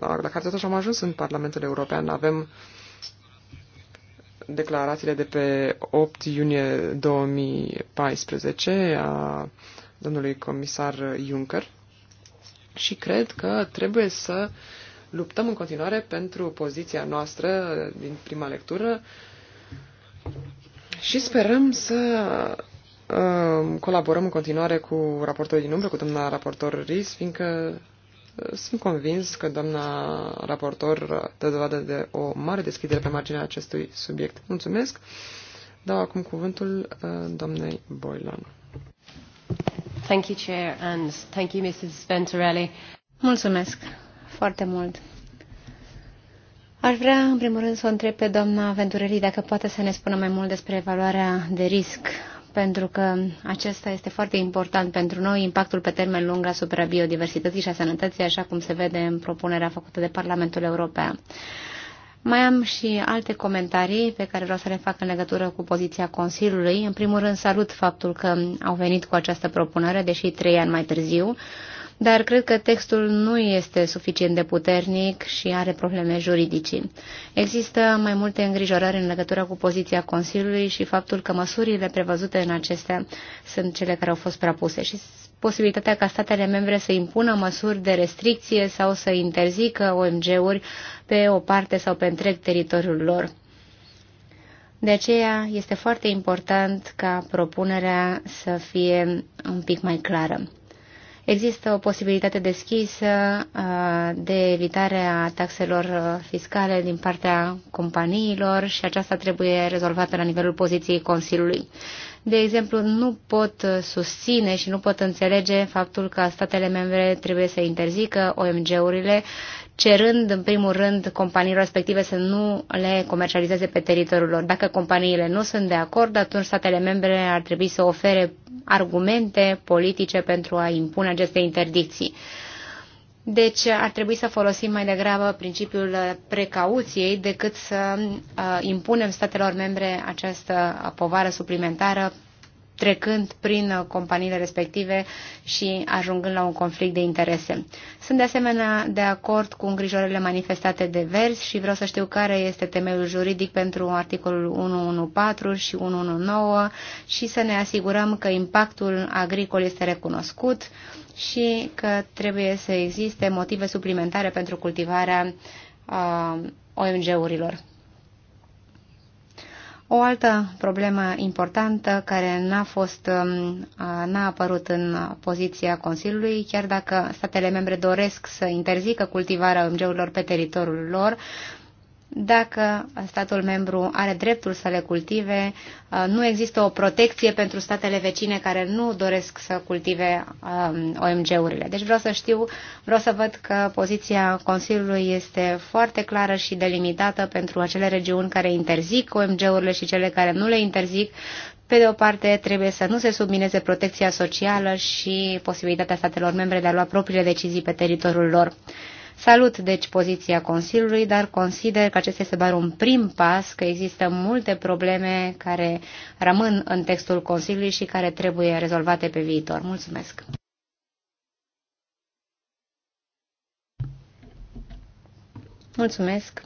Speaker 3: la la care totuși am ajuns în Parlamentul European. Avem declarațiile de pe 8 iunie 2014 a domnului comisar Juncker și cred că trebuie să luptăm în continuare pentru poziția noastră din prima lectură și sperăm să uh, colaborăm în continuare cu raportorii din umbră, cu doamna raportor RIS, fiindcă sunt convins că doamna raportor dă dovadă de o mare deschidere pe marginea acestui subiect. Mulțumesc. Dau acum cuvântul uh, doamnei Boylan. Thank you, Chair, and thank you, Mrs. Venturelli.
Speaker 4: Mulțumesc foarte mult. Aș vrea, în primul rând, să o întreb pe doamna Venturelli dacă poate să ne spună mai mult despre evaluarea de risc pentru că acesta este foarte important pentru noi, impactul pe termen lung asupra biodiversității și a sănătății, așa cum se vede în propunerea făcută de Parlamentul European. Mai am și alte comentarii pe care vreau să le fac în legătură cu poziția Consiliului. În primul rând, salut faptul că au venit cu această propunere, deși trei ani mai târziu. Uh, dar cred că textul nu este suficient de puternic și are probleme juridice. Există mai multe îngrijorări în legătură cu poziția Consiliului și faptul că măsurile prevăzute în acestea sunt cele care au fost propuse și posibilitatea ca statele membre să impună măsuri de restricție sau să interzică OMG-uri pe o parte sau pe întreg teritoriul lor. De aceea este foarte important ca propunerea să fie un pic mai clară. Există o posibilitate deschisă uh, de evitare a taxelor uh, fiscale din partea companiilor și aceasta trebuie rezolvată la nivelul poziției Consiliului. De exemplu, nu pot uh, susține și nu pot înțelege faptul că statele membre trebuie să interzică OMG-urile, cerând în primul rând companiilor respective să nu le comercializeze pe teritoriul lor. Dacă companiile nu sunt de acord, atunci statele membre ar trebui să ofere argumente politice pentru a impune aceste interdicții. Deci ar trebui să folosim mai degrabă principiul precauției decât să uh, impunem statelor membre această povară suplimentară trecând prin companiile respective și ajungând la un conflict de interese. Sunt de asemenea de acord cu îngrijorările manifestate de vers și vreau să știu care este temeiul juridic pentru articolul 114 și 119 și să ne asigurăm că impactul agricol este recunoscut și că trebuie să existe motive suplimentare pentru cultivarea uh, OMG-urilor. O altă problemă importantă care n-a fost, um, n-a apărut în poziția Consiliului, chiar dacă statele membre doresc să interzică cultivarea OMG-urilor pe teritoriul lor, dacă statul membru are dreptul să le cultive, uh, nu există o protecție pentru statele vecine care nu doresc să cultive um, OMG-urile. Deci vreau să știu, vreau să văd că poziția Consiliului este foarte clară și delimitată pentru acele regiuni care interzic OMG-urile și cele care nu le interzic. Pe de o parte, trebuie să nu se submineze protecția socială și posibilitatea statelor membre de a lua propriile decizii pe teritoriul lor. Salut, deci, poziția Consiliului, dar consider că acesta este doar un prim pas, că există multe probleme care rămân în textul Consiliului și care trebuie rezolvate pe viitor. Mulțumesc! Mulțumesc!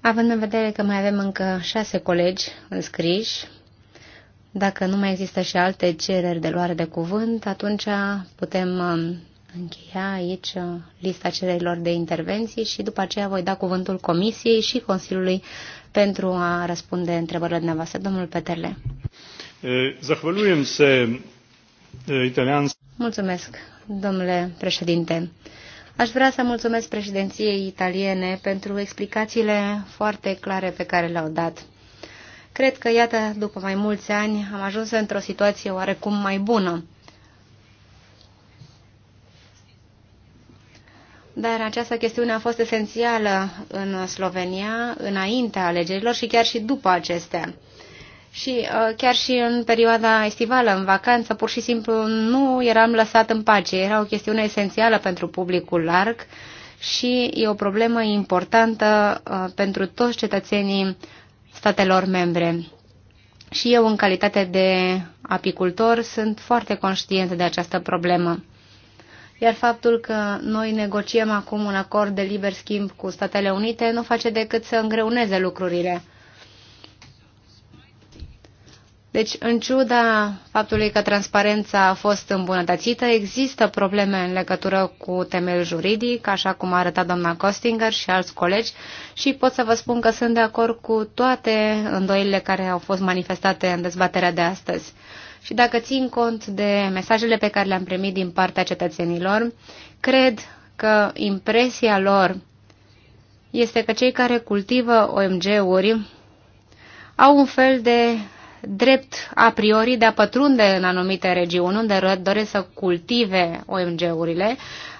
Speaker 4: Având în vedere că mai avem încă șase colegi înscriși, dacă nu mai există și alte cereri de luare de cuvânt, atunci putem um, încheia aici uh, lista cererilor de intervenții și după aceea voi da cuvântul Comisiei și Consiliului pentru a răspunde întrebările dumneavoastră. Domnul Peterle. Mulțumesc, domnule președinte. Aș vrea să mulțumesc președinției italiene pentru explicațiile foarte clare pe care le-au dat. Cred că, iată, după mai mulți ani am ajuns într-o situație oarecum mai bună. Dar această chestiune a fost esențială în Slovenia, înaintea alegerilor și chiar și după acestea. Și uh, chiar și în perioada estivală, în vacanță, pur și simplu nu eram lăsat în pace. Era o chestiune esențială pentru publicul larg și e o problemă importantă uh, pentru toți cetățenii statelor membre. Și eu, în calitate de apicultor, sunt foarte conștient de această problemă. Iar faptul că noi negociem acum un acord de liber schimb cu Statele Unite nu face decât să îngreuneze lucrurile deci, în ciuda faptului că transparența a fost îmbunătățită, există probleme în legătură cu temel juridic, așa cum a arătat doamna Costinger și alți colegi, și pot să vă spun că sunt de acord cu toate îndoielile care au fost manifestate în dezbaterea de astăzi. Și dacă țin cont de mesajele pe care le-am primit din partea cetățenilor, cred că impresia lor este că cei care cultivă OMG-uri au un fel de drept a priori de a pătrunde în anumite regiuni unde doresc să cultive OMG-urile,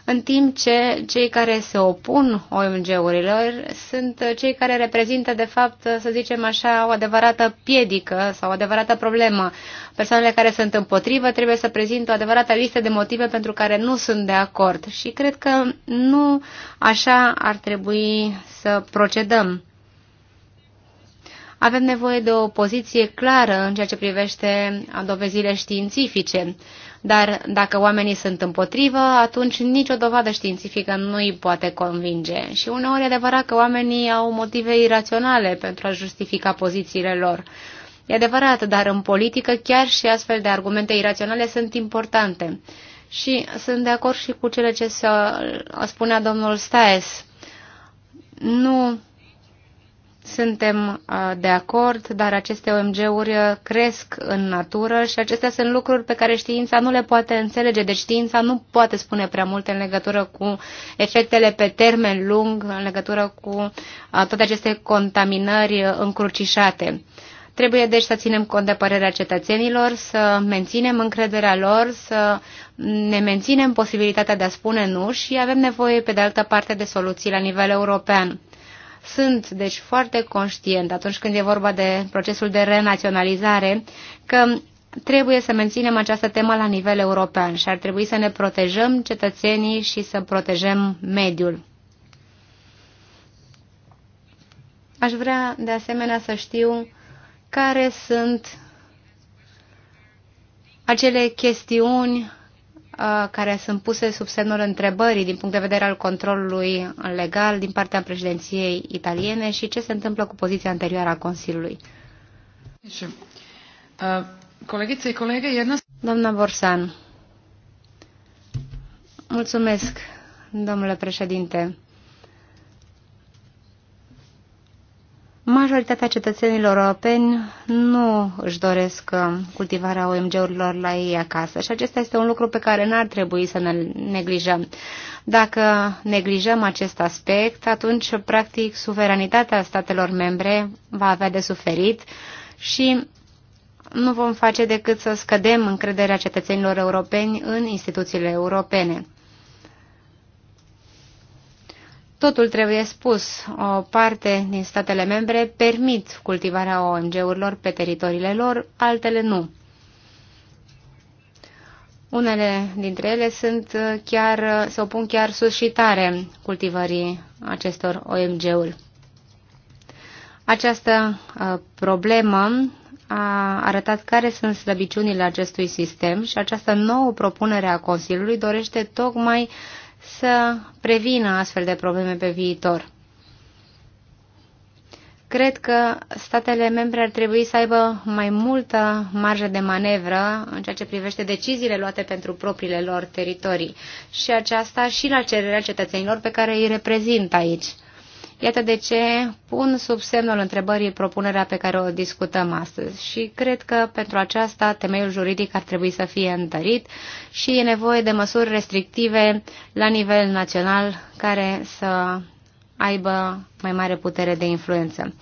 Speaker 4: în timp ce cei care se opun OMG-urilor sunt uh, cei care reprezintă, de fapt, uh, să zicem așa, o adevărată piedică sau o adevărată problemă. Persoanele care sunt împotrivă trebuie să prezintă o adevărată listă de motive pentru care nu sunt de acord și cred că nu așa ar trebui să procedăm. Avem nevoie de o poziție clară în ceea ce privește dovezile științifice, dar dacă oamenii sunt împotrivă, atunci nicio dovadă științifică nu îi poate convinge. Și uneori e adevărat că oamenii au motive iraționale pentru a justifica pozițiile lor. E adevărat, dar în politică chiar și astfel de argumente iraționale sunt importante. Și sunt de acord și cu cele ce spunea domnul Staes. Nu suntem uh, de acord, dar aceste OMG-uri uh, cresc în natură și acestea sunt lucruri pe care știința nu le poate înțelege. Deci știința nu poate spune prea multe în legătură cu efectele pe termen lung, în legătură cu uh, toate aceste contaminări încrucișate. Trebuie deci să ținem cont de părerea cetățenilor, să menținem încrederea lor, să ne menținem posibilitatea de a spune nu și avem nevoie, pe de altă parte, de soluții la nivel european. Sunt, deci, foarte conștient atunci când e vorba de procesul de renaționalizare că trebuie să menținem această temă la nivel european și ar trebui să ne protejăm cetățenii și să protejăm mediul. Aș vrea, de asemenea, să știu care sunt acele chestiuni Uh, care sunt puse sub semnul întrebării din punct de vedere al controlului legal din partea președinției italiene și ce se întâmplă cu poziția anterioară a Consiliului. Deci, uh, Doamna Borsan, mulțumesc, domnule președinte. Majoritatea cetățenilor europeni nu își doresc uh, cultivarea OMG-urilor la ei acasă și acesta este un lucru pe care n-ar trebui să ne neglijăm. Dacă neglijăm acest aspect, atunci, practic, suveranitatea statelor membre va avea de suferit și nu vom face decât să scădem încrederea cetățenilor europeni în instituțiile europene. Totul trebuie spus. O parte din statele membre permit cultivarea OMG-urilor pe teritoriile lor, altele nu. Unele dintre ele sunt chiar, se opun chiar sus și tare cultivării acestor OMG-uri. Această uh, problemă a arătat care sunt slăbiciunile acestui sistem și această nouă propunere a Consiliului dorește tocmai uh, să prevină astfel de probleme pe viitor. Cred că statele membre ar trebui să aibă mai multă marjă de manevră în ceea ce privește deciziile luate pentru propriile lor teritorii și aceasta și la cererea cetățenilor pe care îi reprezint aici. Iată de ce pun sub semnul întrebării propunerea pe care o discutăm astăzi și cred că pentru aceasta temeiul juridic ar trebui să fie întărit și e nevoie de măsuri restrictive la nivel național care să aibă mai mare putere de influență.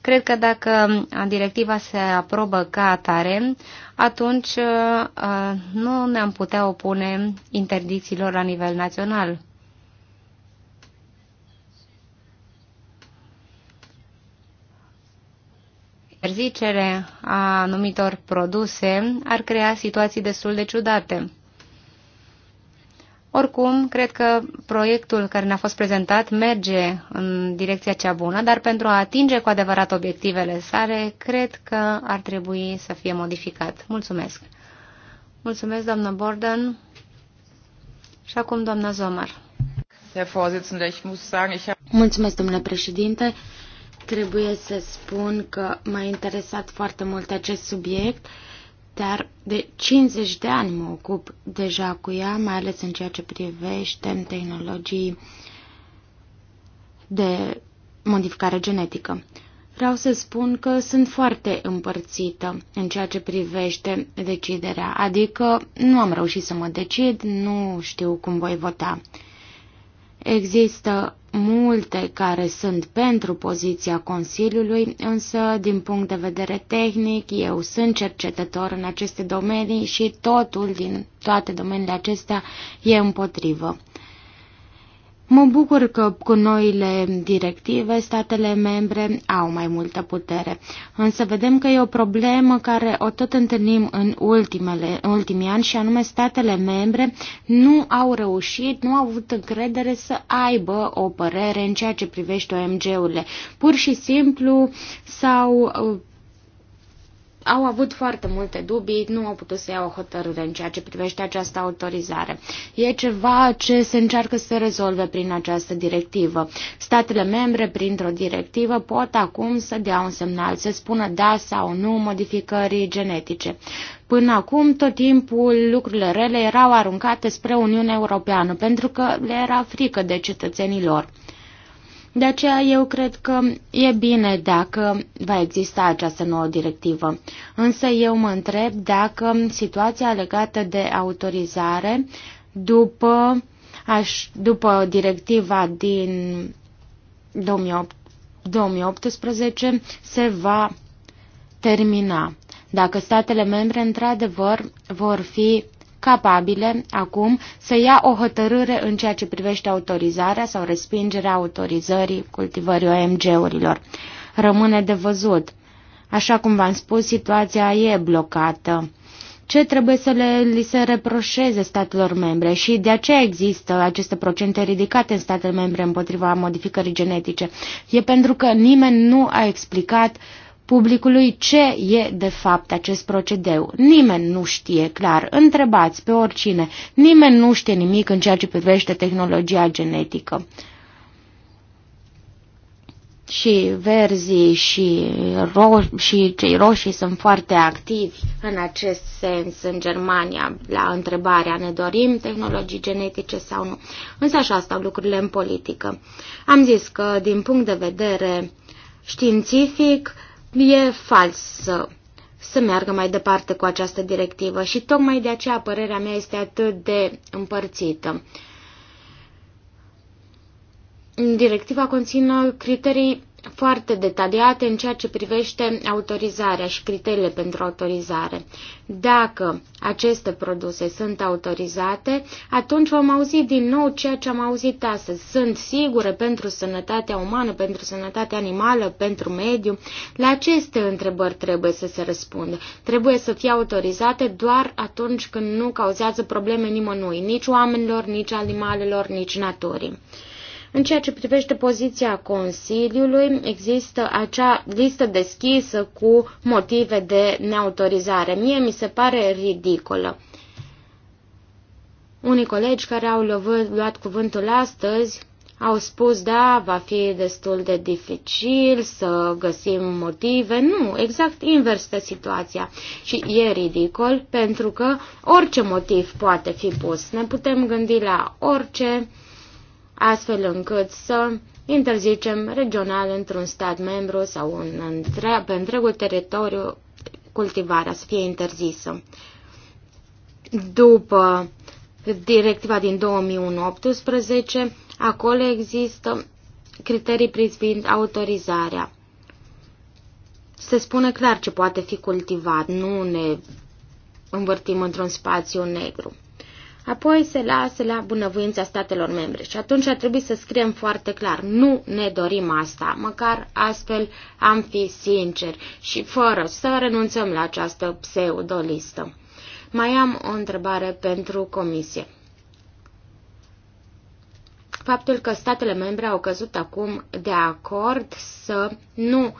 Speaker 4: Cred că dacă directiva se aprobă ca atare, atunci uh, nu ne-am putea opune interdicțiilor la nivel național. interzicere a anumitor produse ar crea situații destul de ciudate. Oricum, cred că proiectul care ne-a fost prezentat merge în direcția cea bună, dar pentru a atinge cu adevărat obiectivele sale, cred că ar trebui să fie modificat. Mulțumesc! Mulțumesc, doamna Borden. Și acum, doamna Zomar. Mulțumesc,
Speaker 1: domnule președinte.
Speaker 4: Trebuie să spun
Speaker 1: că m-a interesat foarte mult acest subiect, dar de 50 de ani mă ocup deja cu ea, mai ales în ceea ce privește tehnologii de modificare genetică. Vreau să spun că sunt foarte împărțită în ceea ce privește deciderea, adică nu am reușit să mă decid, nu știu cum voi vota. Există multe care sunt pentru poziția Consiliului, însă din punct de vedere tehnic eu sunt cercetător în aceste domenii și totul din toate domeniile acestea e împotrivă. Mă bucur că cu noile directive statele membre au mai multă putere, însă vedem că e o problemă care o tot întâlnim în, ultimele, în ultimii ani și anume statele membre nu au reușit, nu au avut încredere să aibă o părere în ceea ce privește OMG-urile. Pur și simplu s-au uh, au avut foarte multe dubii, nu au putut să iau o hotărâre în ceea ce privește această autorizare. E ceva ce se încearcă să se rezolve prin această directivă. Statele membre, printr-o directivă, pot acum să dea un semnal, să spună da sau nu modificării genetice. Până acum, tot timpul, lucrurile rele erau aruncate spre Uniunea Europeană, pentru că le era frică de cetățenii lor. De aceea eu cred că e bine dacă va exista această nouă directivă. Însă eu mă întreb dacă situația legată de autorizare după, aș, după directiva din 2008, 2018 se va termina. Dacă statele membre într-adevăr vor fi capabile acum să ia o hotărâre în ceea ce privește autorizarea sau respingerea autorizării cultivării OMG-urilor. Rămâne de văzut. Așa cum v-am spus, situația e blocată. Ce trebuie să le, li se reproșeze statelor membre și de aceea există aceste procente ridicate în statele membre împotriva modificării genetice. E pentru că nimeni nu a explicat uh, publicului ce e de fapt acest procedeu. Nimeni nu știe clar, întrebați pe oricine, nimeni nu știe nimic în ceea ce privește tehnologia genetică. Și verzii și, ro- și cei roșii sunt foarte activi în acest sens în Germania la întrebarea ne dorim tehnologii genetice sau nu. Însă așa stau lucrurile în politică. Am zis că din punct de vedere științific, E fals să, să meargă mai departe cu această directivă și tocmai de aceea părerea mea este atât de împărțită. Directiva conține criterii foarte detaliate în ceea ce privește autorizarea și criteriile pentru autorizare. Dacă aceste produse sunt autorizate, atunci vom auzi din nou ceea ce am auzit astăzi. Sunt sigure pentru sănătatea umană, pentru sănătatea animală, pentru mediu? La aceste întrebări trebuie să se răspundă. Trebuie să fie autorizate doar atunci când nu cauzează probleme nimănui, nici oamenilor, nici animalelor, nici naturii. În ceea ce privește poziția Consiliului, există acea listă deschisă cu motive de neautorizare. Mie mi se pare ridicolă. Unii colegi care au luat cuvântul astăzi au spus, da, va fi destul de dificil să găsim motive. Nu, exact invers de situația. Și e ridicol pentru că orice motiv poate fi pus. Ne putem gândi la orice astfel încât să interzicem regional într-un stat membru sau în între, pe întregul teritoriu cultivarea să fie interzisă. După directiva din 2018, acolo există criterii privind autorizarea. Se spune clar ce poate fi cultivat, nu ne învârtim într-un spațiu negru apoi se lasă la bunăvoința statelor membre. Și atunci ar trebui să scriem foarte clar, nu ne dorim asta, măcar astfel am fi sinceri și fără să renunțăm la această pseudolistă. Mai am o întrebare pentru comisie. Faptul că statele membre au căzut acum de acord să nu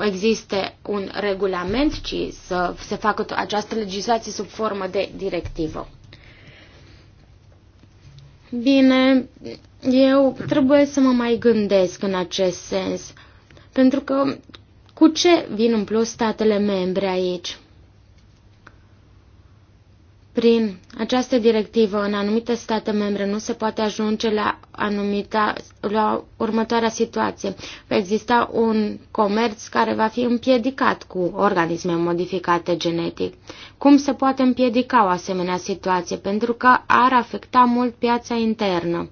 Speaker 1: existe un regulament, ci să se facă această legislație sub formă de directivă. Bine, eu trebuie să mă mai gândesc în acest sens, pentru că cu ce vin în plus statele membre aici? Prin această directivă, în anumite state membre nu se poate ajunge la, anumita, la următoarea situație. Va exista un comerț care va fi împiedicat cu organisme modificate genetic. Cum se poate împiedica o asemenea situație? Pentru că ar afecta mult piața internă.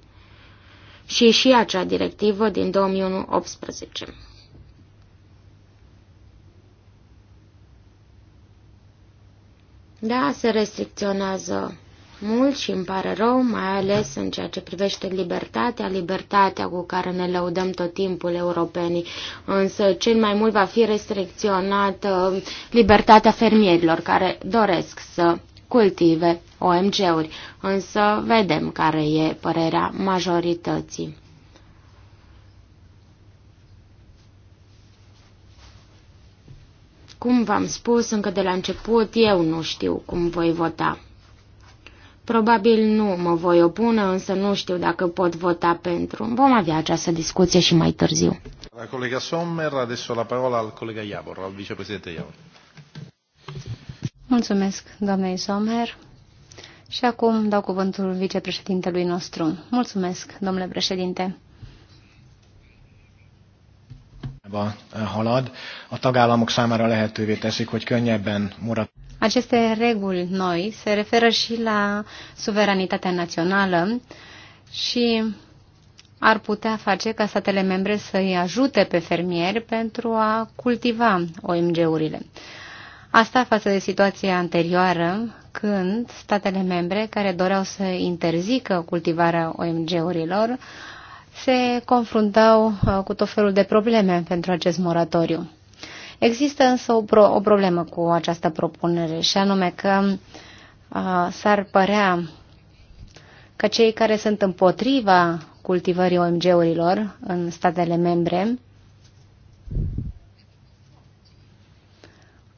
Speaker 1: Și și acea directivă din 2018. Da, se restricționează mult și îmi pare rău, mai ales în ceea ce privește libertatea, libertatea cu care ne lăudăm tot timpul europenii, însă cel mai mult va fi restricționată libertatea fermierilor care doresc să cultive OMG-uri, însă vedem care e părerea majorității. Cum v-am spus încă de la început, eu nu știu cum voi vota. Probabil nu mă voi opune, însă nu știu dacă pot vota pentru. Vom avea această discuție și mai târziu. La
Speaker 2: colega Sommer, adesso la parola al colega Iavor, al vicepreședinte Iavor.
Speaker 4: Mulțumesc, doamnei Sommer. Și acum dau cuvântul vicepreședintelui nostru. Mulțumesc, domnule președinte
Speaker 3: irányba halad, a tagállamok számára lehetővé teszik, hogy könnyebben murat.
Speaker 4: Aceste reguli noi se referă și la suveranitatea națională și ar putea face ca statele membre să îi ajute pe fermieri pentru a cultiva OMG-urile. Asta față de situația anterioară, când statele membre care doreau să interzică cultivarea OMG-urilor se confruntau uh, cu tot felul de probleme pentru acest moratoriu. Există însă o, pro- o problemă cu această propunere și anume că uh, s-ar părea că cei care sunt împotriva cultivării OMG-urilor în statele membre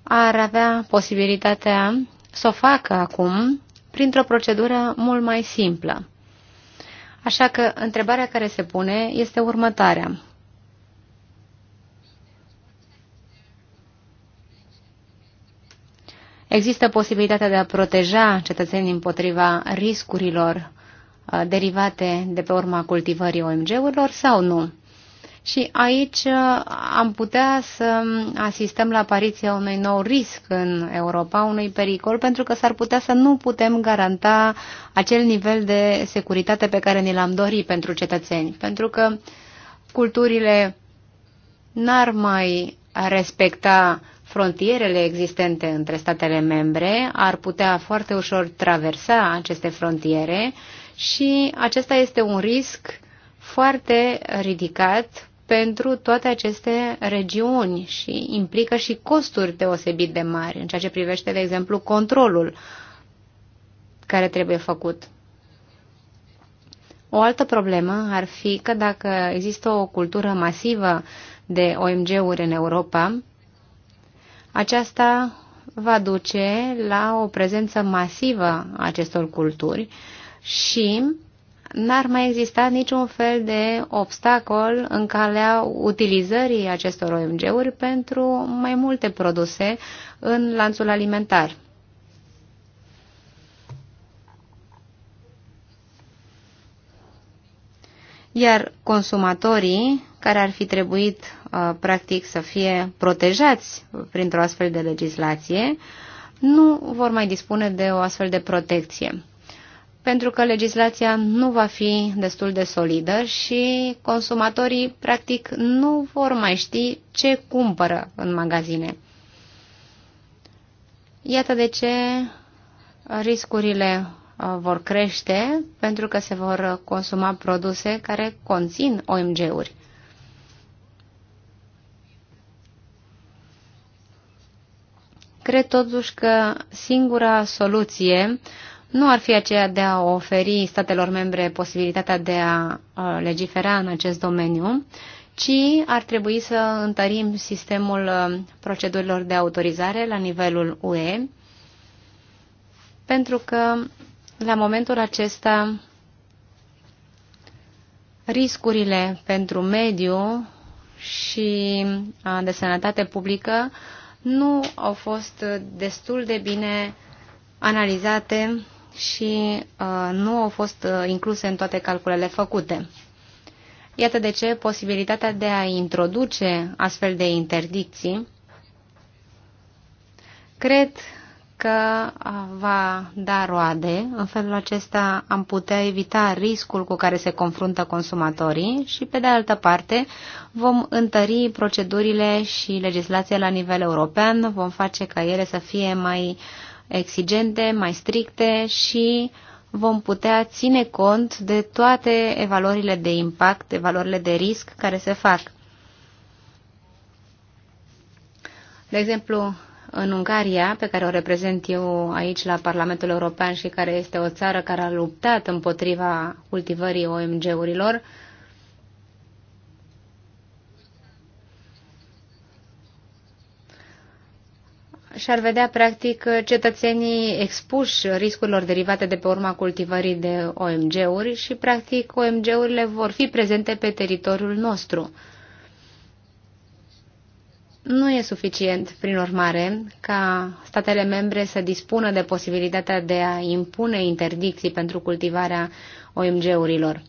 Speaker 4: ar avea posibilitatea să o facă acum printr-o procedură mult mai simplă. Așa că întrebarea care se pune este următoarea. Există posibilitatea de a proteja cetățenii împotriva riscurilor uh, derivate de pe urma cultivării OMG-urilor sau nu? Și aici uh, am putea să asistăm la apariția unui nou risc în Europa, unui pericol, pentru că s-ar putea să nu putem garanta acel nivel de securitate pe care ni l-am dorit pentru cetățeni, pentru că culturile n-ar mai respecta frontierele existente între statele membre, ar putea foarte ușor traversa aceste frontiere și acesta este un risc foarte ridicat pentru toate aceste regiuni și implică și costuri deosebit de mari în ceea ce privește, de exemplu, controlul care trebuie făcut. O altă problemă ar fi că dacă există o cultură masivă de OMG-uri în Europa, aceasta va duce la o prezență masivă a acestor culturi și n-ar mai exista niciun fel de obstacol în calea utilizării acestor OMG-uri pentru mai multe produse în lanțul alimentar. Iar consumatorii, care ar fi trebuit uh, practic să fie protejați printr-o astfel de legislație, nu vor mai dispune de o astfel de protecție pentru că legislația nu va fi destul de solidă și consumatorii, practic, nu vor mai ști ce cumpără în magazine. Iată de ce riscurile uh, vor crește pentru că se vor consuma produse care conțin OMG-uri. Cred totuși că singura soluție uh, nu ar fi aceea de a oferi statelor membre posibilitatea de a legifera în acest domeniu, ci ar trebui să întărim sistemul procedurilor de autorizare la nivelul UE, pentru că la momentul acesta riscurile pentru mediu și de sănătate publică nu au fost destul de bine analizate și uh, nu au fost uh, incluse în toate calculele făcute. Iată de ce posibilitatea de a introduce astfel de interdicții cred că uh, va da roade. În felul acesta am putea evita riscul cu care se confruntă consumatorii și, pe de altă parte, vom întări procedurile și legislația la nivel european, vom face ca ele să fie mai uh, exigente, mai stricte și vom putea ține cont de toate evaluările de impact, evaluările de risc care se fac. De exemplu, în Ungaria, pe care o reprezent eu aici la Parlamentul European și care este o țară care a luptat împotriva cultivării OMG-urilor, uh, și-ar vedea practic cetățenii expuși riscurilor derivate de pe urma cultivării de OMG-uri și practic OMG-urile vor fi prezente pe teritoriul nostru. Nu e suficient, prin urmare, ca statele membre să dispună de posibilitatea de a impune interdicții pentru cultivarea OMG-urilor.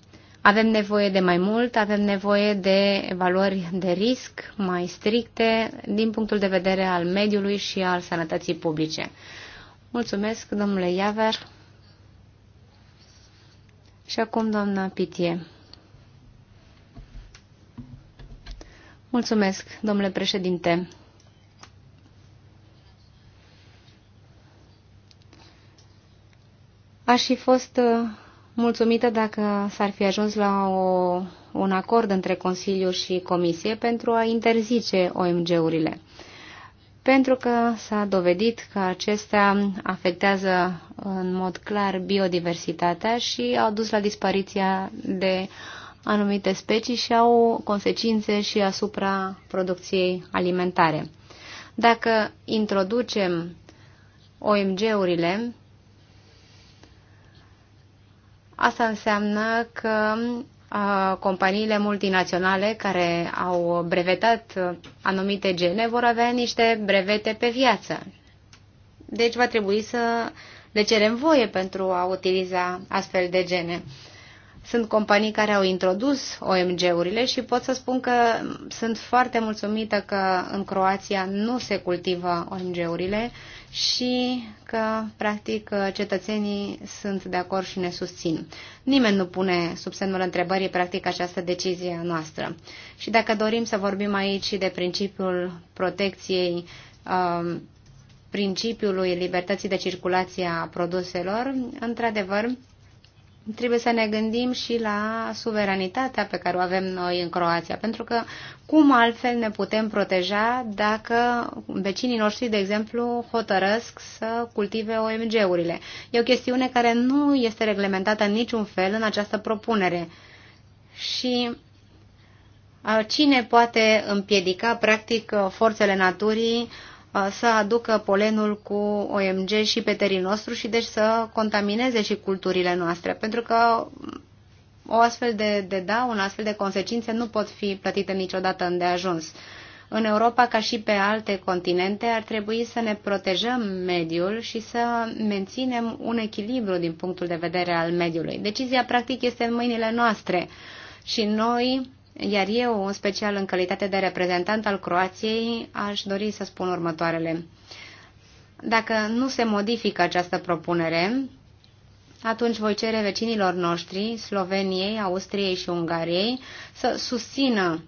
Speaker 4: Avem nevoie de mai mult, avem nevoie de valori de risc mai stricte din punctul de vedere al mediului și al sănătății publice. Mulțumesc, domnule Iaver. Și acum, doamna Pitie. Mulțumesc, domnule președinte. Aș fi fost uh, mulțumită dacă s-ar fi ajuns la o, un acord între Consiliu și Comisie pentru a interzice OMG-urile. Pentru că s-a dovedit că acestea afectează în mod clar biodiversitatea și au dus la dispariția de anumite specii și au consecințe și asupra producției alimentare. Dacă introducem OMG-urile, Asta înseamnă că companiile multinaționale care au brevetat anumite gene vor avea niște brevete pe viață. Deci va trebui să le cerem voie pentru a utiliza astfel de gene. Sunt companii care au introdus OMG-urile și pot să spun că sunt foarte mulțumită că în Croația nu se cultivă OMG-urile și că, practic, cetățenii sunt de acord și ne susțin. Nimeni nu pune sub semnul întrebării, practic, această decizie noastră. Și dacă dorim să vorbim aici de principiul protecției, um, principiului libertății de circulație a produselor, într-adevăr, trebuie să ne gândim și la suveranitatea pe care o avem noi în Croația, pentru că cum altfel ne putem proteja dacă vecinii noștri, de exemplu, hotărăsc să cultive OMG-urile? E o chestiune care nu este reglementată în niciun fel în această propunere. Și uh, cine poate împiedica, practic, uh, forțele naturii uh, să aducă polenul cu OMG și pe terii nostru și deci să contamineze și culturile noastre, pentru că o astfel de, de un astfel de consecințe nu pot fi plătite niciodată îndeajuns. În Europa, ca și pe alte continente, ar trebui să ne protejăm mediul și să menținem un echilibru din punctul de vedere al mediului. Decizia, practic, este în mâinile noastre și noi iar eu, în special în calitate de reprezentant al Croației, aș dori să spun următoarele. Dacă nu se modifică această propunere, atunci voi cere vecinilor noștri, Sloveniei, Austriei și Ungariei, să susțină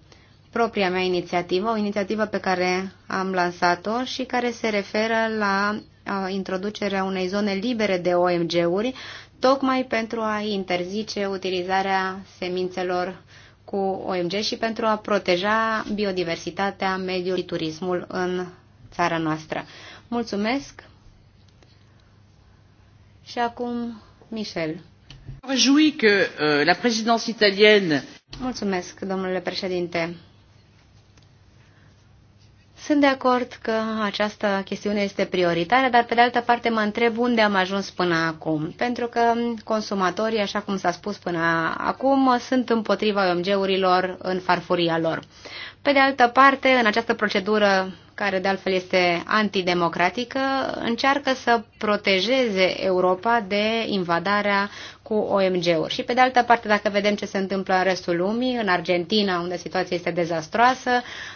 Speaker 4: propria mea inițiativă, o inițiativă pe care am lansat-o și care se referă la introducerea unei zone libere de OMG-uri, tocmai pentru a interzice utilizarea semințelor cu OMG și pentru a proteja biodiversitatea, mediul și turismul în țara noastră. Mulțumesc! Și acum, Michel. că euh, la Mulțumesc, domnule președinte. Sunt de acord că această chestiune este prioritară, dar pe de altă parte mă întreb unde am ajuns până acum, pentru că consumatorii, așa cum s-a spus până acum, sunt împotriva OMG-urilor în farfuria lor. Pe de altă parte, în această procedură care de altfel este antidemocratică, încearcă să protejeze Europa de invadarea cu OMG-uri. Și pe de altă parte, dacă vedem ce se întâmplă în restul lumii, în Argentina, unde situația este dezastroasă,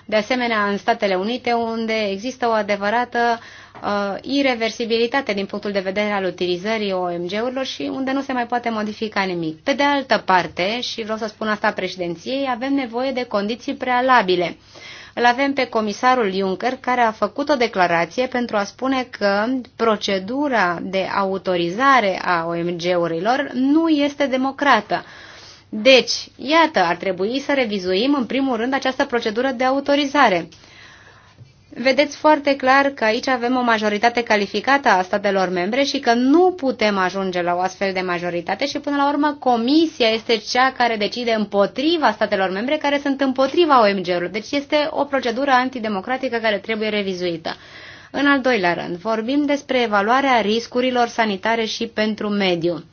Speaker 4: de asemenea în Statele Unite, unde există o adevărată uh, uh, irreversibilitate din punctul de vedere al utilizării OMG-urilor și unde nu se mai poate modifica nimic. Pe de altă parte, și vreau să spun asta președinției, avem nevoie de condiții prealabile. Îl avem pe comisarul Juncker care a făcut o declarație pentru a spune că procedura de autorizare a OMG-urilor nu este democrată. Deci, iată, ar trebui să revizuim în primul rând această procedură de autorizare. Vedeți foarte clar că aici avem o majoritate calificată a statelor membre și că nu putem ajunge la o astfel de majoritate și până la urmă Comisia este cea care decide împotriva statelor membre care sunt împotriva OMG-ului. Deci este o procedură antidemocratică care trebuie revizuită. În al doilea rând, vorbim despre evaluarea riscurilor sanitare și pentru mediu.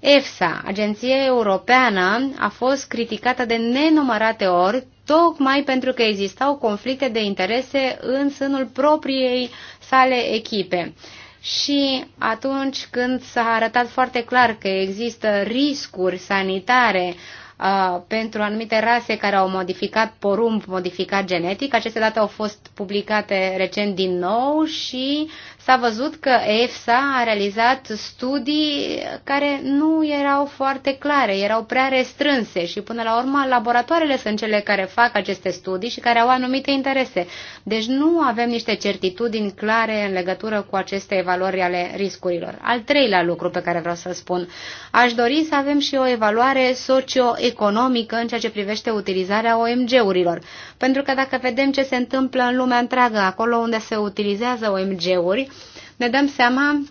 Speaker 4: EFSA, Agenția Europeană, a fost criticată de nenumărate ori tocmai pentru că existau conflicte de interese în sânul propriei sale echipe. Și atunci când s-a arătat foarte clar că există riscuri sanitare uh, pentru anumite rase care au modificat porumb, modificat genetic, aceste date au fost publicate recent din nou și s-a văzut că EFSA a realizat studii care nu erau foarte clare, erau prea restrânse și până la urmă laboratoarele sunt cele care fac aceste studii și care au anumite interese. Deci nu avem niște certitudini clare în legătură cu aceste evaluări ale riscurilor. Al treilea lucru pe care vreau să-l spun, Aș dori să avem și o evaluare socioeconomică în ceea ce privește utilizarea OMG-urilor. Pentru că dacă vedem ce se întâmplă în lumea întreagă, acolo unde se utilizează OMG-uri, ne dăm seama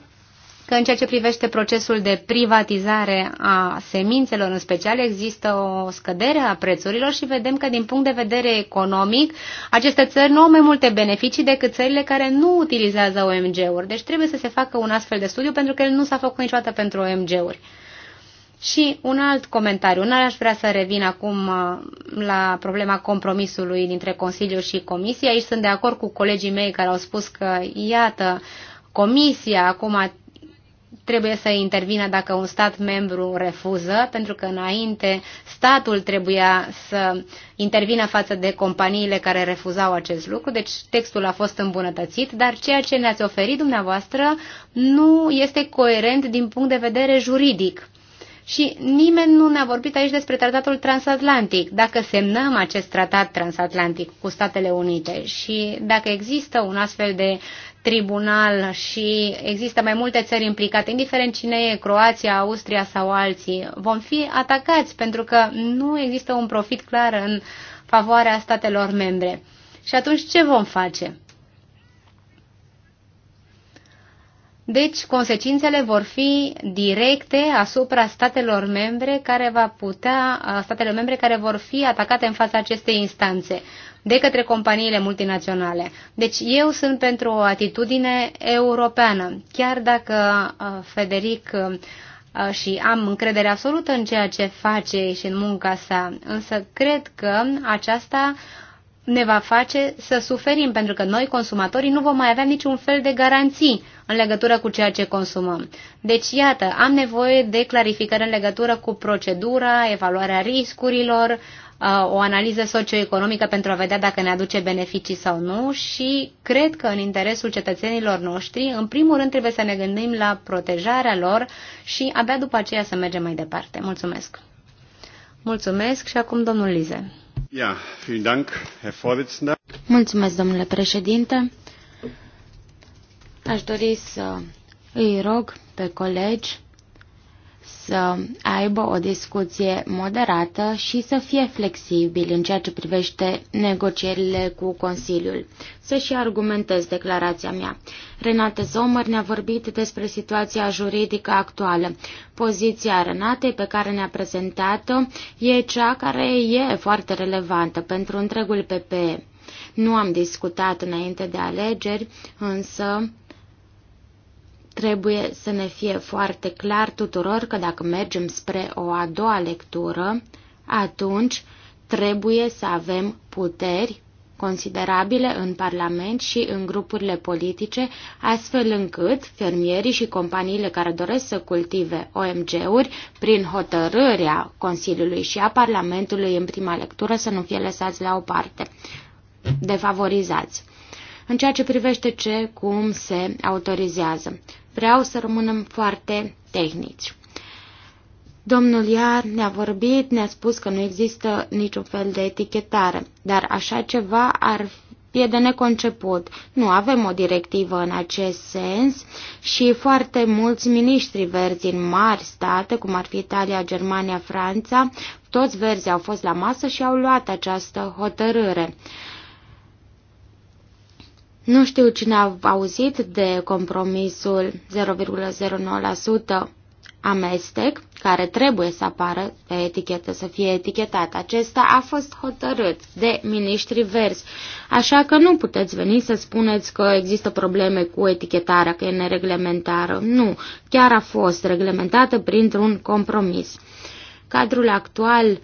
Speaker 4: că în ceea ce privește procesul de privatizare a semințelor în special există o scădere a prețurilor și vedem că din punct de vedere economic aceste țări nu au mai multe beneficii decât țările care nu utilizează OMG-uri. Deci trebuie să se facă un astfel de studiu pentru că el nu s-a făcut niciodată pentru OMG-uri. Și un alt comentariu, nu aș vrea să revin acum uh, la problema compromisului dintre Consiliu și Comisie. Aici sunt de acord cu colegii mei care au spus că, iată, Comisia acum trebuie să intervină dacă un stat membru refuză, pentru că înainte statul trebuia să intervină față de companiile care refuzau acest lucru, deci textul a fost îmbunătățit, dar ceea ce ne-ați oferit dumneavoastră nu este coerent din punct de vedere juridic. Și nimeni nu ne-a vorbit aici despre tratatul transatlantic. Dacă semnăm acest tratat transatlantic cu Statele Unite și dacă există un astfel de tribunal și există mai multe țări implicate, indiferent cine e, Croația, Austria sau alții, vom fi atacați pentru că nu există un profit clar în favoarea statelor membre. Și atunci ce vom face? Deci, consecințele vor fi directe asupra statelor membre care va putea, statelor membre care vor fi atacate în fața acestei instanțe de către companiile multinaționale. Deci eu sunt pentru o atitudine europeană, chiar dacă Federic și am încredere absolută în ceea ce face și în munca sa, însă cred că aceasta ne va face să suferim, pentru că noi, consumatorii, nu vom mai avea niciun fel de garanții în legătură cu ceea ce consumăm. Deci, iată, am nevoie de clarificări în legătură cu procedura, evaluarea riscurilor, uh, o analiză socioeconomică pentru a vedea dacă ne aduce beneficii sau nu și cred că în interesul cetățenilor noștri, în primul rând, trebuie să ne gândim la protejarea lor și abia după aceea să mergem mai departe. Mulțumesc! Mulțumesc și acum domnul Lize. Ja, Mulțumesc, domnule președinte.
Speaker 1: Aș dori să îi rog pe colegi să aibă o discuție moderată și să fie flexibil în ceea ce privește negocierile cu Consiliul. Să-și argumentez declarația mea. Renate Zomăr ne-a vorbit despre situația juridică actuală. Poziția Renatei pe care ne-a prezentat-o e cea care e foarte relevantă pentru întregul PPE. Nu am discutat înainte de alegeri, însă Trebuie să ne fie foarte clar tuturor că dacă mergem spre o a doua lectură, atunci trebuie să avem puteri considerabile în Parlament și în grupurile politice, astfel încât fermierii și companiile care doresc să cultive OMG-uri, prin hotărârea Consiliului și a Parlamentului în prima lectură, să nu fie lăsați la o parte, defavorizați. În ceea ce privește ce, cum se autorizează vreau să rămânem foarte tehnici. Domnul Iar ne-a vorbit, ne-a spus că nu există niciun fel de etichetare, dar așa ceva ar fi de neconceput. Nu avem o directivă în acest sens și foarte mulți miniștri verzi în mari state, cum ar fi Italia, Germania, Franța, toți verzi au fost la masă și au luat această hotărâre. Nu știu cine a auzit de compromisul 0,09% amestec, care trebuie să apară pe etichetă, să fie etichetat. Acesta a fost hotărât de miniștri verzi, așa că nu puteți veni să spuneți că există probleme cu etichetarea, că e nereglementară. Nu, chiar a fost reglementată printr-un compromis. Cadrul actual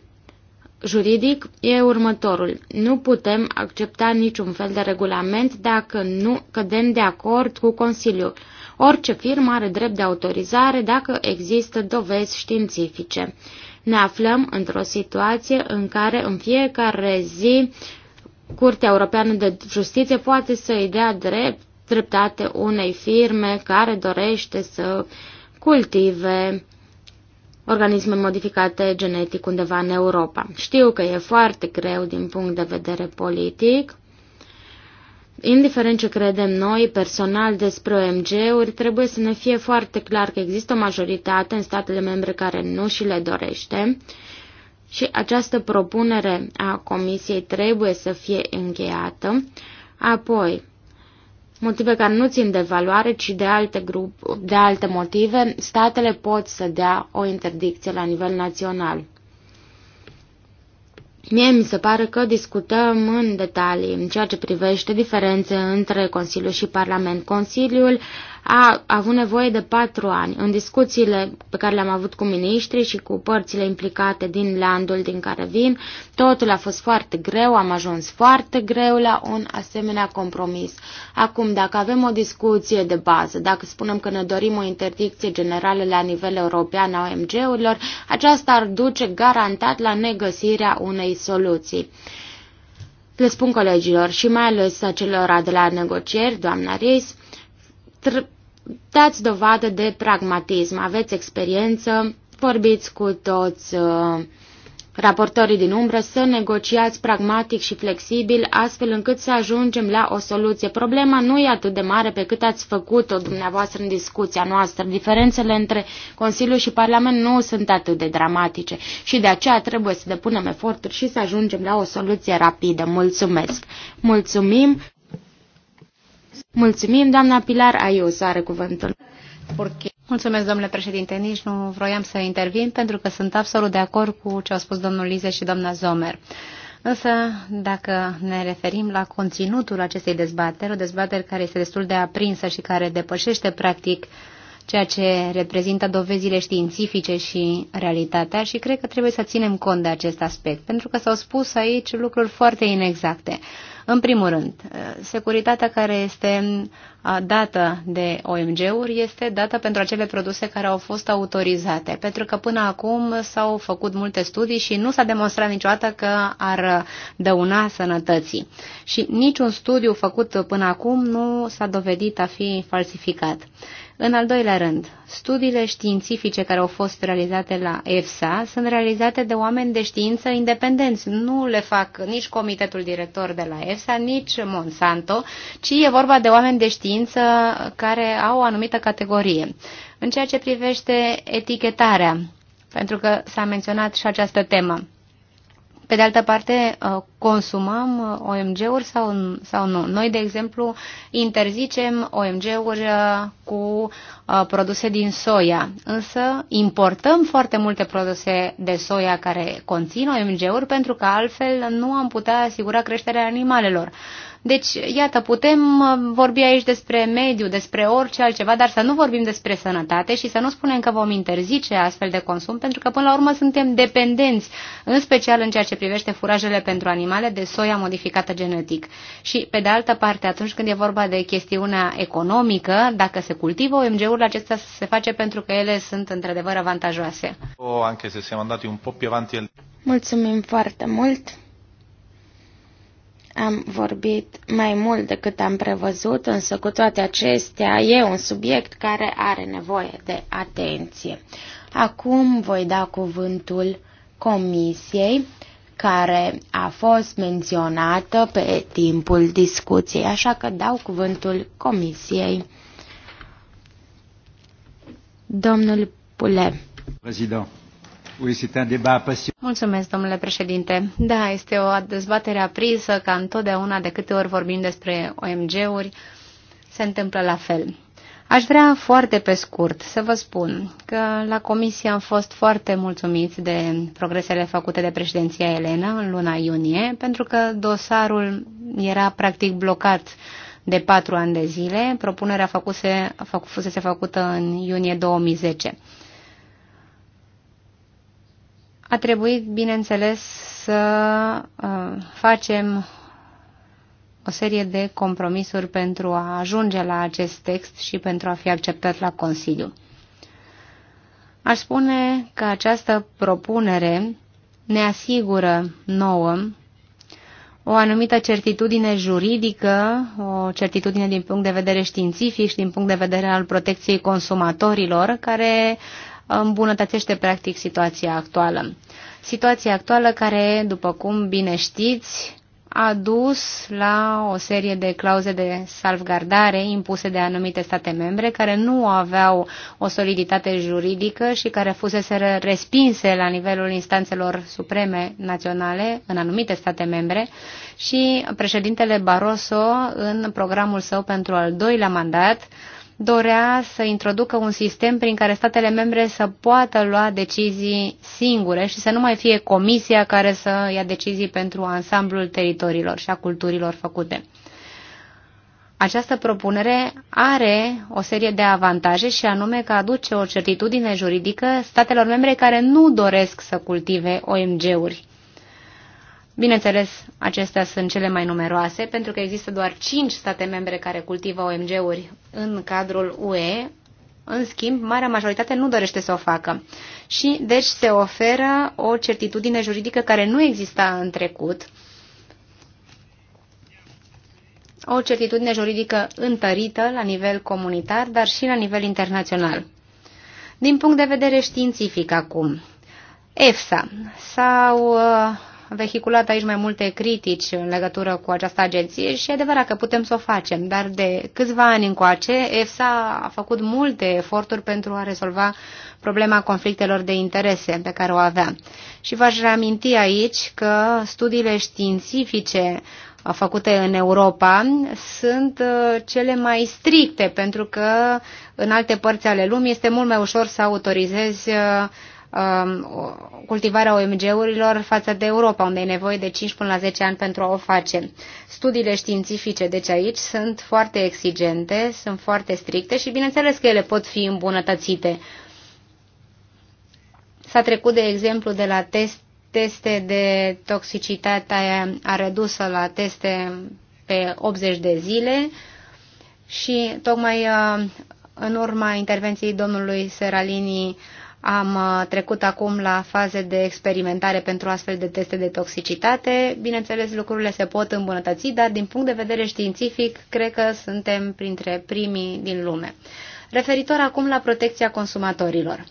Speaker 1: juridic e următorul. Nu putem accepta niciun fel de regulament dacă nu cădem de acord cu Consiliul. Orice firmă are drept de autorizare dacă există dovezi științifice. Ne aflăm într-o situație în care în fiecare zi Curtea Europeană de Justiție poate să-i dea drept, dreptate unei firme care dorește să cultive organisme modificate genetic undeva în Europa. Știu că e foarte greu din punct de vedere politic. Indiferent ce credem noi personal despre OMG-uri, trebuie să ne fie foarte clar că există o majoritate în statele membre care nu și le dorește și această propunere a Comisiei trebuie să fie încheiată. Apoi, motive care nu țin de valoare, ci de alte, grup, de alte motive, statele pot să dea o interdicție la nivel național. Mie mi se pare că discutăm în detalii în ceea ce privește diferențe între Consiliu și Parlament. Consiliul a avut nevoie de patru ani. În discuțiile pe care le-am avut cu miniștrii și cu părțile implicate din landul din care vin, totul a fost foarte greu, am ajuns foarte greu la un asemenea compromis. Acum, dacă avem o discuție de bază, dacă spunem că ne dorim o interdicție generală la nivel european a OMG-urilor, aceasta ar duce garantat la negăsirea unei soluții. Le spun colegilor și mai ales acelora de la negocieri, doamna Reis, dați dovadă de pragmatism, aveți experiență, vorbiți cu toți uh, raportorii din umbră să negociați pragmatic și flexibil astfel încât să ajungem la o soluție. Problema nu e atât de mare pe cât ați făcut-o dumneavoastră în discuția noastră. Diferențele între Consiliu și Parlament nu sunt atât de dramatice și de aceea trebuie să depunem eforturi și să ajungem la o soluție rapidă. Mulțumesc! Mulțumim! Mulțumim, doamna Pilar
Speaker 4: Ayuso are cuvântul. Porque... Mulțumesc, domnule președinte. Nici nu vroiam să intervin pentru că sunt absolut de acord cu ce au spus domnul Lize și doamna Zomer. Însă, dacă ne referim la conținutul acestei dezbateri, o dezbatere care este destul de aprinsă și care depășește practic ceea ce reprezintă dovezile științifice și realitatea și cred că trebuie să ținem cont de acest aspect, pentru că s-au spus aici lucruri foarte inexacte. În primul rând, eh, securitatea care este dată de OMG-uri este dată pentru acele produse care au fost autorizate, pentru că până acum s-au făcut multe studii și nu s-a demonstrat niciodată că ar dăuna sănătății. Și niciun studiu făcut până acum nu s-a dovedit a fi falsificat. În al doilea rând, studiile științifice care au fost realizate la EFSA sunt realizate de oameni de știință independenți. Nu le fac nici comitetul director de la EFSA, nici Monsanto, ci e vorba de oameni de știință care au o anumită categorie. În ceea ce privește etichetarea, pentru că s-a menționat și această temă. Pe de altă parte, uh, consumăm uh, OMG-uri sau, sau nu? Noi, de exemplu, interzicem OMG-uri uh, cu produse din soia, însă importăm foarte multe produse de soia care conțin OMG-uri pentru că altfel nu am putea asigura creșterea animalelor. Deci, iată, putem uh, vorbi aici despre mediu, despre orice altceva, dar să nu vorbim despre sănătate și să nu spunem că vom interzice astfel de consum, pentru că până la urmă suntem dependenți, în special în ceea ce privește furajele pentru animale, de soia modificată genetic. Și, pe de altă parte, atunci când e vorba de chestiunea economică, dacă se cultivă OMG-urile acestea, se face pentru că ele sunt într-adevăr avantajoase.
Speaker 2: O, anche se siamo andati un po' più avanti.
Speaker 4: Mulțumim foarte mult!
Speaker 1: Am vorbit mai mult decât am prevăzut, însă cu toate acestea e un subiect care are nevoie de atenție. Acum voi da cuvântul comisiei care a fost menționată pe timpul discuției, așa că dau cuvântul
Speaker 4: comisiei. Domnul Pule. Prezident. Mulțumesc, domnule președinte. Da, este o dezbatere aprinsă, ca întotdeauna de câte ori vorbim despre OMG-uri, se întâmplă la fel. Aș vrea foarte pe scurt să vă spun că la comisie am fost foarte mulțumiți de progresele făcute de președinția Elena în luna iunie, pentru că dosarul era practic blocat de patru ani de zile, propunerea făcuse, fusese făcută în iunie 2010. A trebuit, bineînțeles, să uh, facem o serie de compromisuri pentru a ajunge la acest text și pentru a fi acceptat la Consiliu. Aș spune că această propunere ne asigură nouă o anumită certitudine juridică, o certitudine din punct de vedere științific și din punct de vedere al protecției consumatorilor, care îmbunătățește practic situația actuală. Situația actuală care, după cum bine știți, a dus la o serie de clauze de salvgardare impuse de anumite state membre care nu aveau o soliditate juridică și care fusese respinse la nivelul instanțelor supreme naționale în anumite state membre și președintele Barroso în programul său pentru al doilea mandat dorea să introducă un sistem prin care statele membre să poată lua decizii singure și să nu mai fie comisia care să ia decizii pentru ansamblul teritoriilor și a culturilor făcute. Această propunere are o serie de avantaje și anume că aduce o certitudine juridică statelor membre care nu doresc să cultive OMG-uri Bineînțeles, acestea sunt cele mai numeroase, pentru că există doar 5 state membre care cultivă OMG-uri în cadrul UE, în schimb, marea majoritate nu dorește să o facă. Și, deci, se oferă o certitudine juridică care nu exista în trecut, o certitudine juridică întărită la nivel comunitar, dar și la nivel internațional. Din punct de vedere științific acum, EFSA sau uh, vehiculat aici mai multe critici în legătură cu această agenție și e adevărat că putem să o facem, dar de câțiva ani încoace EFSA a făcut multe eforturi pentru a rezolva problema conflictelor de interese pe care o avea. Și v-aș reaminti aici că studiile științifice uh, făcute în Europa sunt uh, cele mai stricte, pentru că în alte părți ale lumii este mult mai ușor să autorizezi uh, Um, cultivarea OMG-urilor față de Europa, unde e nevoie de 5 până la 10 ani pentru a o face. Studiile științifice, deci aici, sunt foarte exigente, sunt foarte stricte și bineînțeles că ele pot fi îmbunătățite. S-a trecut, de exemplu, de la test, teste de toxicitate a redusă la teste pe 80 de zile și tocmai uh, în urma intervenției domnului Seralini am uh, trecut acum la faze de experimentare pentru astfel de teste de toxicitate. Bineînțeles, lucrurile se pot îmbunătăți, dar din punct de vedere științific, cred că suntem printre primii din lume. Referitor acum la protecția consumatorilor.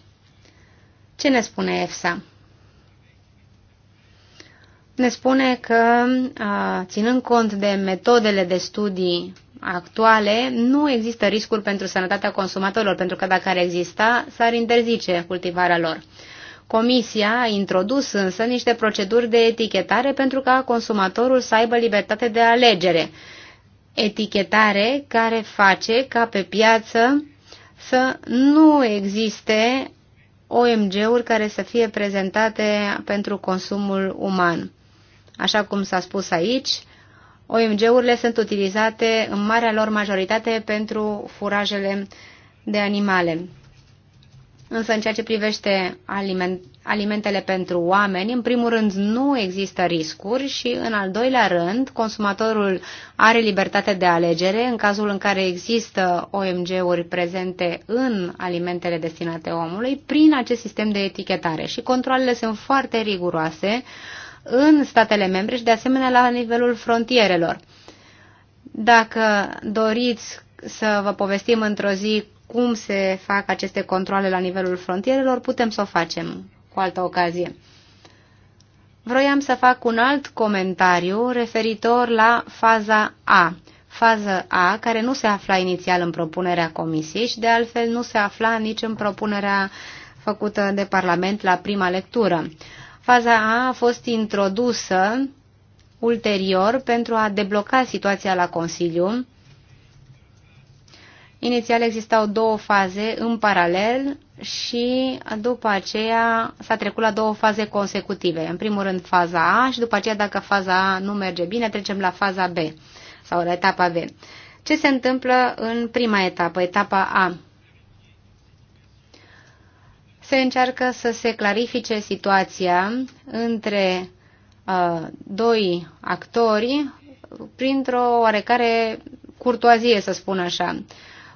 Speaker 4: Ce ne spune EFSA? Ne spune că, uh, ținând cont de metodele de studii actuale nu există riscuri pentru sănătatea consumatorilor, pentru că dacă ar exista, s-ar interzice cultivarea lor. Comisia a introdus însă niște proceduri de etichetare pentru ca consumatorul să aibă libertate de alegere. Etichetare care face ca pe piață să nu existe OMG-uri care să fie prezentate pentru consumul uman. Așa cum s-a spus aici, OMG-urile sunt utilizate în marea lor majoritate pentru furajele de animale. Însă în ceea ce privește aliment, alimentele pentru oameni, în primul rând nu există riscuri și în al doilea rând consumatorul are libertate de alegere în cazul în care există OMG-uri prezente în alimentele destinate omului prin acest sistem de etichetare și controlele sunt foarte riguroase în statele membre și de asemenea la nivelul frontierelor. Dacă doriți să vă povestim într-o zi cum se fac aceste controle la nivelul frontierelor, putem să o facem cu altă ocazie. Vroiam să fac un alt comentariu referitor la faza A. faza A, care nu se afla inițial în propunerea comisiei și de altfel nu se afla nici în propunerea făcută de Parlament la prima lectură. Faza A a fost introdusă ulterior pentru a debloca situația la Consiliu. Inițial existau două faze în paralel și după aceea s-a trecut la două faze consecutive. În primul rând faza A și după aceea dacă faza A nu merge bine, trecem la faza B sau la etapa B. Ce se întâmplă în prima etapă, etapa A? se încearcă să se clarifice situația între uh, doi actori printr-o oarecare curtoazie, să spun așa.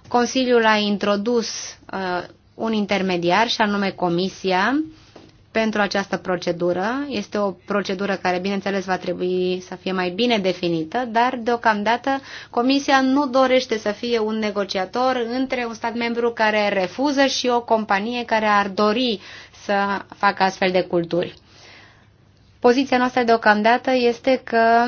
Speaker 4: Consiliul a introdus uh, un intermediar, și anume Comisia, uh, pentru această procedură. Este o procedură care, bineînțeles, va trebui să fie mai bine definită, dar, deocamdată, Comisia nu dorește să fie un negociator între un stat membru care refuză și o companie care ar dori să facă astfel de culturi. Poziția noastră, deocamdată, este că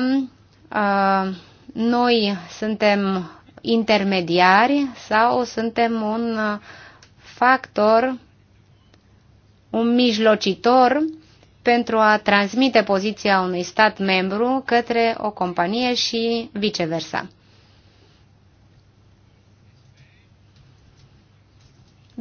Speaker 4: uh, noi suntem intermediari sau suntem un uh, factor un mijlocitor pentru a transmite poziția unui stat membru către o companie și viceversa.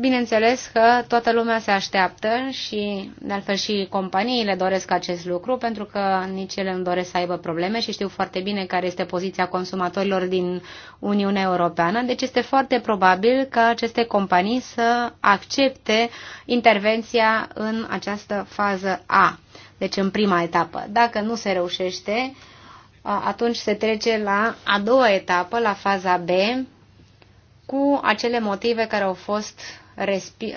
Speaker 4: Bineînțeles că toată lumea se așteaptă și, de altfel, și companiile doresc acest lucru, pentru că nici ele nu doresc să aibă probleme și știu foarte bine care este poziția consumatorilor din Uniunea Europeană. Deci este foarte probabil ca aceste companii să accepte intervenția în această fază A, deci în prima etapă. Dacă nu se reușește, atunci se trece la a doua etapă, la faza B, cu acele motive care au fost Uh,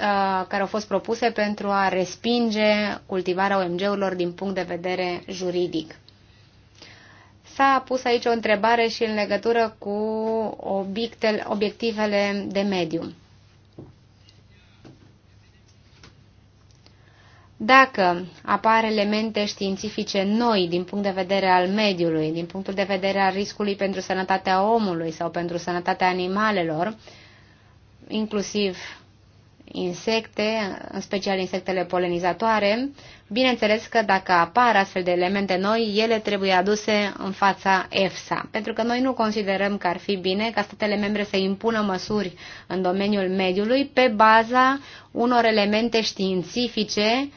Speaker 4: care au fost propuse pentru a respinge cultivarea OMG-urilor din punct de vedere juridic. S-a pus aici o întrebare și în legătură cu obiectivele de mediu. Dacă apar elemente științifice noi din punct de vedere al mediului, din punctul de vedere al riscului pentru sănătatea omului sau pentru sănătatea animalelor, inclusiv insecte, în special insectele polenizatoare, bineînțeles că dacă apar astfel de elemente noi, ele trebuie aduse în fața EFSA, pentru că noi nu considerăm că ar fi bine ca statele membre să impună măsuri în domeniul mediului pe baza unor elemente științifice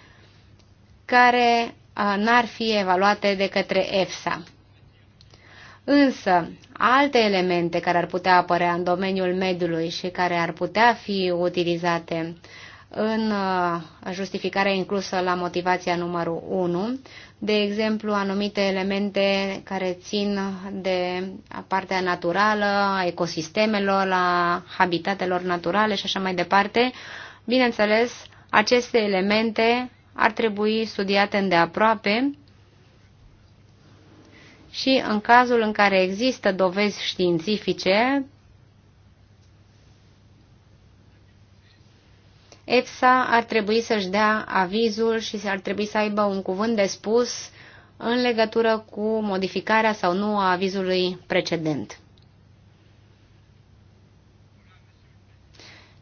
Speaker 4: care uh, n-ar fi evaluate de către EFSA. Însă, alte elemente care ar putea apărea în domeniul mediului și care ar putea fi utilizate în uh, justificarea inclusă la motivația numărul 1, de exemplu anumite elemente care țin de partea naturală, a ecosistemelor, a habitatelor naturale și așa mai departe. Bineînțeles, aceste elemente ar trebui studiate îndeaproape și în cazul în care există dovezi științifice, EFSA ar trebui să-și dea avizul și ar trebui să aibă un cuvânt de spus în legătură cu modificarea sau nu a avizului precedent.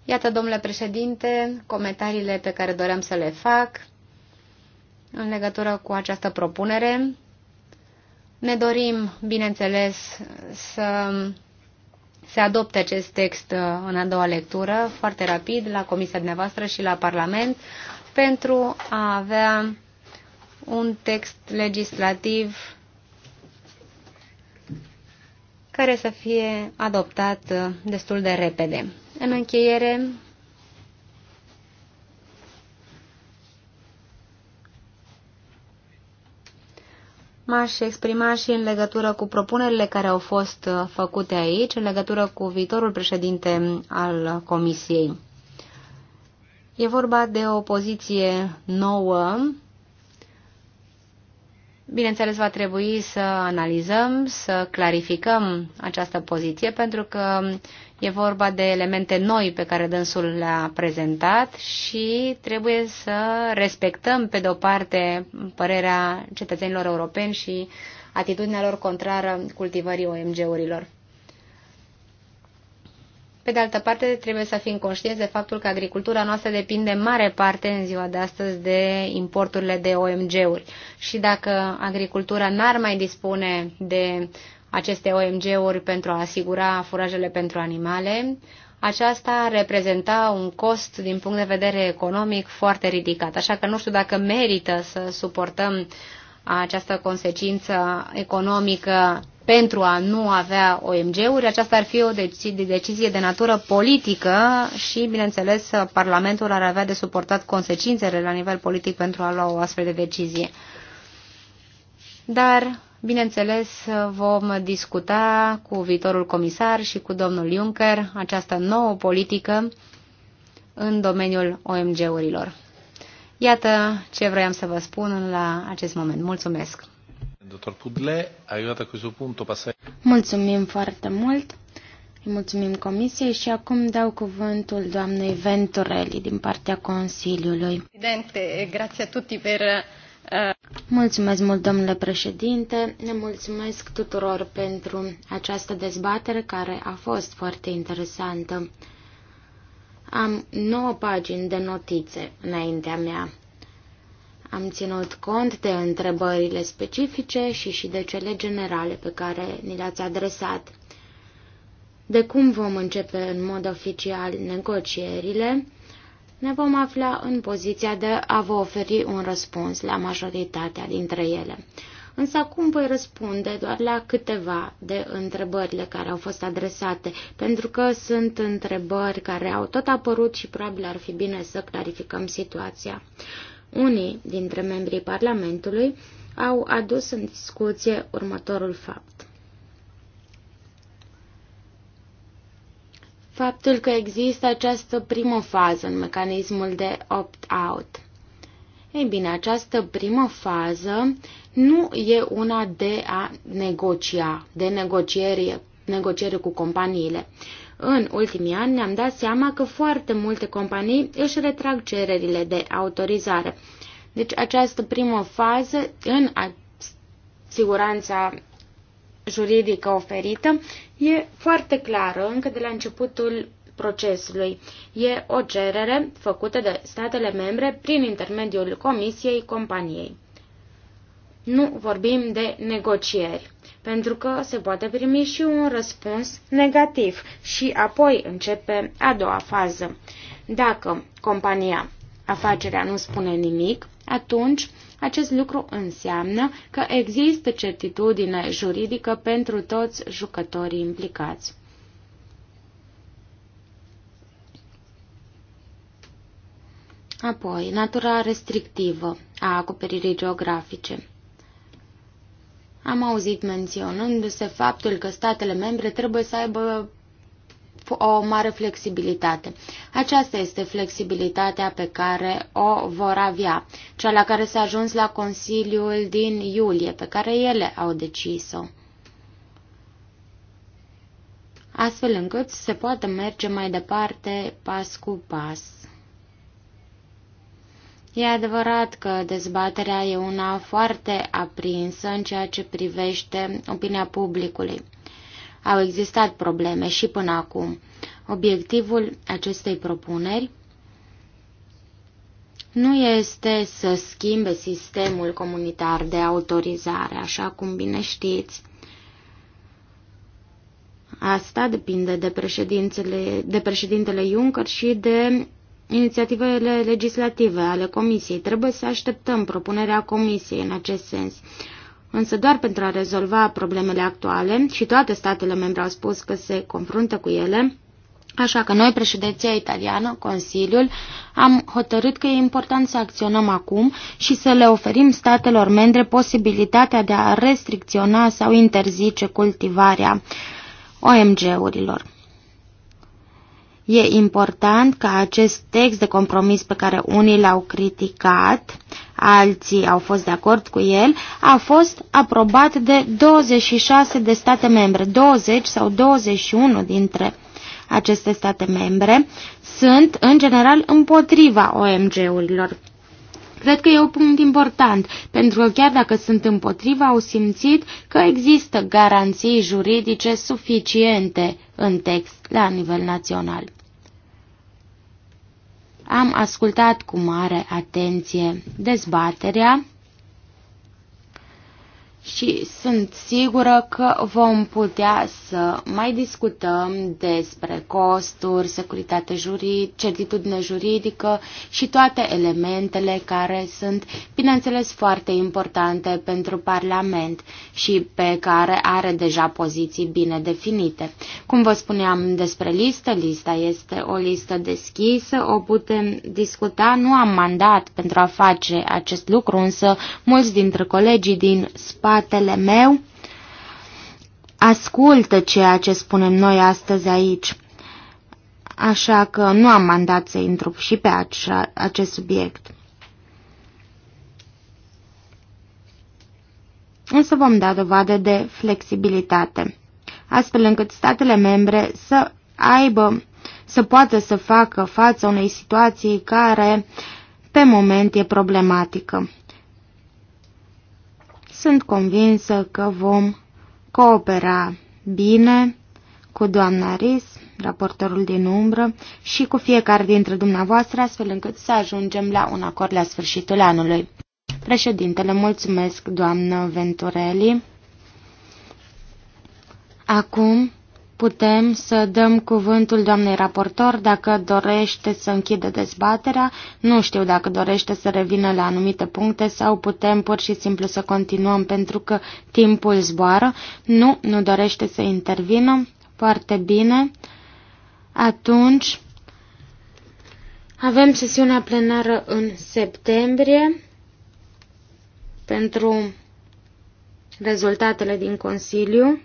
Speaker 4: Iată, domnule președinte, comentariile pe care doream să le fac în legătură cu această propunere. Ne dorim, bineînțeles, să se adopte acest text uh, în a doua lectură, foarte rapid, la Comisia dumneavoastră și la Parlament, pentru a avea un text legislativ care să fie adoptat uh, destul de repede. În încheiere, m-aș exprima și în legătură cu propunerile care au fost uh, făcute aici, în legătură cu viitorul președinte al Comisiei. E vorba de o poziție nouă Bineînțeles, va trebui să analizăm, să clarificăm această poziție, pentru că e vorba de elemente noi pe care dânsul le-a prezentat și trebuie să respectăm, pe de-o parte, părerea cetățenilor europeni și atitudinea lor contrară cultivării OMG-urilor. Pe de altă parte, trebuie să fim conștienți de faptul că agricultura noastră depinde mare parte în ziua de astăzi de importurile de OMG-uri. Și dacă agricultura n-ar mai dispune de aceste OMG-uri pentru a asigura furajele pentru animale, aceasta reprezenta un cost din punct de vedere economic foarte ridicat. Așa că nu știu dacă merită să suportăm această consecință economică pentru a nu avea OMG-uri. Aceasta ar fi o deci- decizie de natură politică și, bineînțeles, Parlamentul ar avea de suportat consecințele la nivel politic pentru a lua o astfel de decizie. Dar, bineînțeles, vom discuta cu viitorul comisar și cu domnul Juncker această nouă politică în domeniul OMG-urilor. Iată ce vroiam să vă spun la acest moment. Mulțumesc!
Speaker 2: dottor Pudle. Arrivato a questo punto passare...
Speaker 4: Mulțumim foarte mult. Îi mulțumim comisiei
Speaker 1: și acum dau cuvântul doamnei Venturelli din partea Consiliului.
Speaker 4: Presidente, grazie a tutti per eh,
Speaker 1: Mulțumesc mult, domnule președinte. Ne mulțumesc tuturor pentru această dezbatere care a fost foarte interesantă. Am nouă pagini de notițe înaintea mea. Am ținut cont de întrebările specifice și și de cele generale pe care ni le-ați adresat. De cum vom începe în mod oficial negocierile, ne vom afla în poziția de a vă oferi un răspuns la majoritatea dintre ele. Însă acum voi răspunde doar la câteva de întrebările care au fost adresate, pentru că sunt întrebări care au tot apărut și probabil ar fi bine să clarificăm situația. Unii dintre membrii Parlamentului au adus în discuție următorul fapt. Faptul că există această primă fază în mecanismul de opt-out. Ei bine, această primă fază nu e una de a negocia, de negociere, negociere cu companiile. În ultimii ani ne-am dat seama că foarte multe companii își retrag cererile de autorizare. Deci această primă fază în siguranța juridică oferită e foarte clară încă de la începutul procesului. E o cerere făcută de statele membre prin intermediul Comisiei Companiei. Nu vorbim de negocieri pentru că se poate primi și un răspuns negativ și apoi începe a doua fază. Dacă compania, afacerea nu spune nimic, atunci acest lucru înseamnă că există certitudine juridică pentru toți jucătorii implicați. Apoi, natura restrictivă a acoperirii geografice. Am auzit menționându-se faptul că statele membre trebuie să aibă o mare flexibilitate. Aceasta este flexibilitatea pe care o vor avea, cea la care s-a ajuns la Consiliul din iulie, pe care ele au decis-o. Astfel încât se poate merge mai departe pas cu pas. E adevărat că dezbaterea e una foarte aprinsă în ceea ce privește opinia publicului. Au existat probleme și până acum. Obiectivul acestei propuneri nu este să schimbe sistemul comunitar de autorizare, așa cum bine știți. Asta depinde de, președintele, de președintele Juncker și de inițiativele legislative ale Comisiei. Trebuie să așteptăm propunerea Comisiei în acest sens. Însă doar pentru a rezolva problemele actuale, și toate statele membre au spus că se confruntă cu ele, Așa că noi, președinția italiană, Consiliul, am hotărât că e important să acționăm acum și să le oferim statelor membre posibilitatea de a restricționa sau interzice cultivarea OMG-urilor. E important ca acest text de compromis pe care unii l-au criticat, alții au fost de acord cu el, a fost aprobat de 26 de state membre, 20 sau 21 dintre aceste state membre sunt, în general, împotriva OMG-urilor Cred că e un punct important, pentru că chiar dacă sunt împotriva, au simțit că există garanții juridice suficiente în text la nivel național. Am ascultat cu mare atenție dezbaterea și sunt sigură că vom putea să mai discutăm despre costuri, securitate juridică, certitudine juridică și toate elementele care sunt, bineînțeles, foarte importante pentru Parlament și pe care are deja poziții bine definite. Cum vă spuneam despre listă, lista este o listă deschisă, o putem discuta. Nu am mandat pentru a face acest lucru, însă mulți dintre colegii din Spania spatele meu ascultă ceea ce spunem noi astăzi aici. Așa că nu am mandat să intru și pe acea, acest subiect. Însă vom da dovadă de flexibilitate, astfel încât statele membre să aibă, să poată să facă față unei situații care, pe moment, e problematică. Sunt convinsă că vom coopera bine cu doamna Ris, raportorul din umbră, și cu fiecare dintre dumneavoastră, astfel încât să ajungem la un acord la sfârșitul anului. Președintele, mulțumesc, doamnă Venturelli. Acum putem să dăm cuvântul doamnei raportor dacă dorește să închidă dezbaterea. Nu știu dacă dorește să revină la anumite puncte sau putem pur și simplu să continuăm pentru că timpul zboară. Nu, nu dorește să intervină. Foarte bine. Atunci avem sesiunea plenară în septembrie pentru rezultatele din Consiliu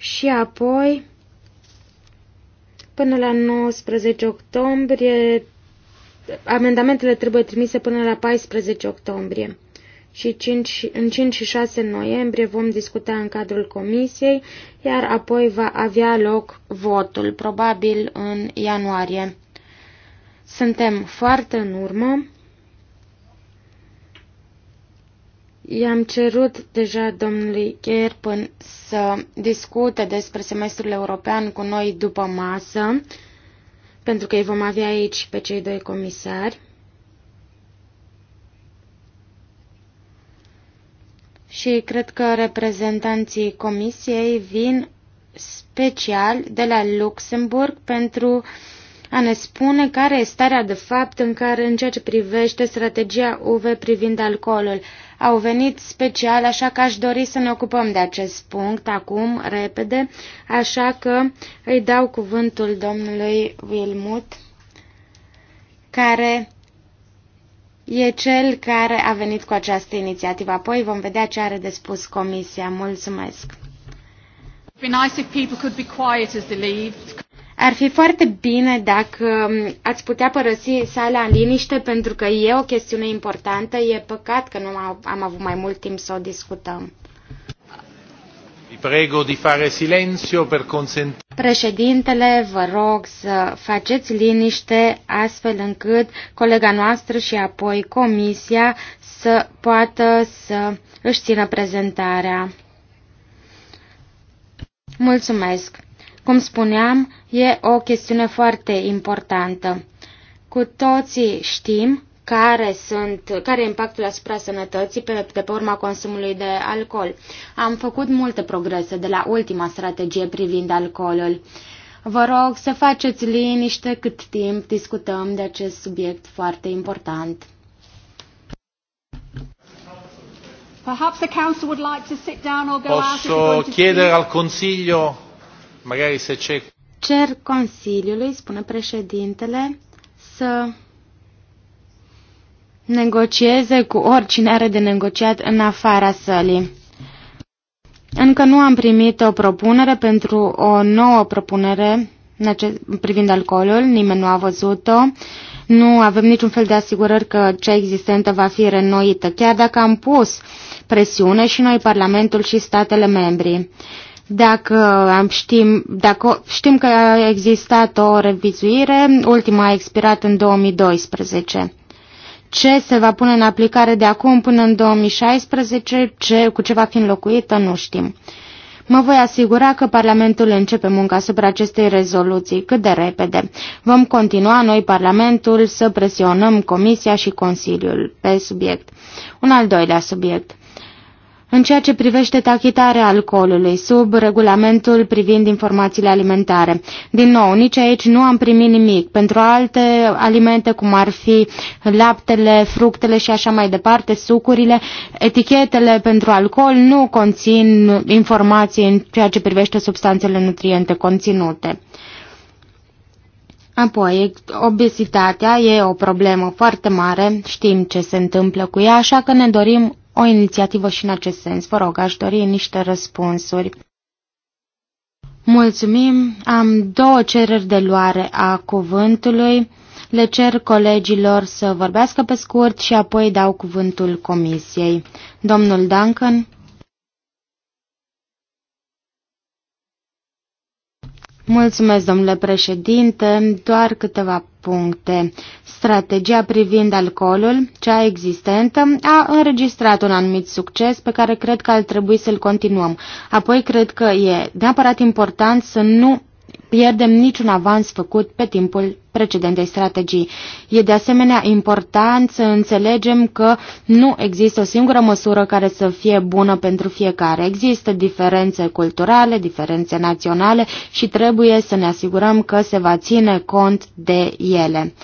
Speaker 1: și apoi până la 19 octombrie amendamentele trebuie trimise până la 14 octombrie și 5, în 5 și 6 noiembrie vom discuta în cadrul comisiei, iar apoi va avea loc votul, probabil în ianuarie. Suntem foarte în urmă. I-am cerut deja domnului Kerpen să discute despre semestrul european cu noi după masă, pentru că îi vom avea aici pe cei doi comisari. Și cred că reprezentanții comisiei vin special de la Luxemburg pentru a ne spune care e starea de fapt în care în ceea ce privește strategia UV privind alcoolul au venit special, așa că aș dori să ne ocupăm de acest punct acum, repede, așa că îi dau cuvântul domnului Wilmut, care e cel care a venit cu această inițiativă. Apoi vom vedea ce are de spus comisia. Mulțumesc! Ar fi foarte bine dacă um, ați putea părăsi sala în liniște, pentru că e o chestiune importantă. E păcat că nu am avut mai mult timp să o discutăm.
Speaker 2: Prego di fare silenzio per consentire.
Speaker 1: Președintele, vă rog să faceți liniște astfel încât colega noastră și apoi comisia să poată să își țină prezentarea. Mulțumesc! Cum spuneam, E o chestiune foarte importantă. Cu toții știm care, sunt, care e impactul asupra sănătății pe, de pe urma consumului de alcool. Am făcut multe progrese de la ultima strategie privind alcoolul. Vă rog să faceți liniște cât timp discutăm de acest subiect foarte important.
Speaker 5: Posso chiedere al
Speaker 2: Consiglio, magari se c'è...
Speaker 1: Cer Consiliului, spune președintele, să negocieze cu oricine are de negociat în afara sălii. Încă nu am primit o propunere pentru o nouă propunere privind alcoolul, nimeni nu a văzut-o. Nu avem niciun fel de asigurări că cea existentă va fi renoită, chiar dacă am pus presiune și noi, Parlamentul și statele membri. Dacă, am știm, dacă știm că a existat o revizuire, ultima a expirat în 2012. Ce se va pune în aplicare de acum până în 2016, ce, cu ce va fi înlocuită, nu știm. Mă voi asigura că Parlamentul începe munca asupra acestei rezoluții cât de repede. Vom continua noi Parlamentul să presionăm Comisia și Consiliul pe subiect. Un al doilea subiect. În ceea ce privește tachitarea alcoolului, sub regulamentul privind informațiile alimentare, din nou, nici aici nu am primit nimic. Pentru alte alimente, cum ar fi laptele, fructele și așa mai departe, sucurile, etichetele pentru alcool nu conțin informații în ceea ce privește substanțele nutriente conținute. Apoi, obezitatea e o problemă foarte mare, știm ce se întâmplă cu ea, așa că ne dorim o inițiativă și în acest sens. Vă rog, aș dori niște răspunsuri. Mulțumim. Am două cereri de luare a cuvântului. Le cer colegilor să vorbească pe scurt și apoi dau cuvântul comisiei. Domnul Duncan. Mulțumesc, domnule președinte. Doar câteva puncte. Strategia privind alcoolul, cea existentă, a înregistrat un anumit succes pe care cred că ar trebui să-l continuăm. Apoi cred că e neapărat important să nu pierdem niciun avans făcut pe timpul precedentei strategii. E de asemenea important să înțelegem că nu există o singură măsură care să fie bună pentru fiecare. Există diferențe culturale, diferențe naționale și trebuie să ne asigurăm că se va ține cont de ele.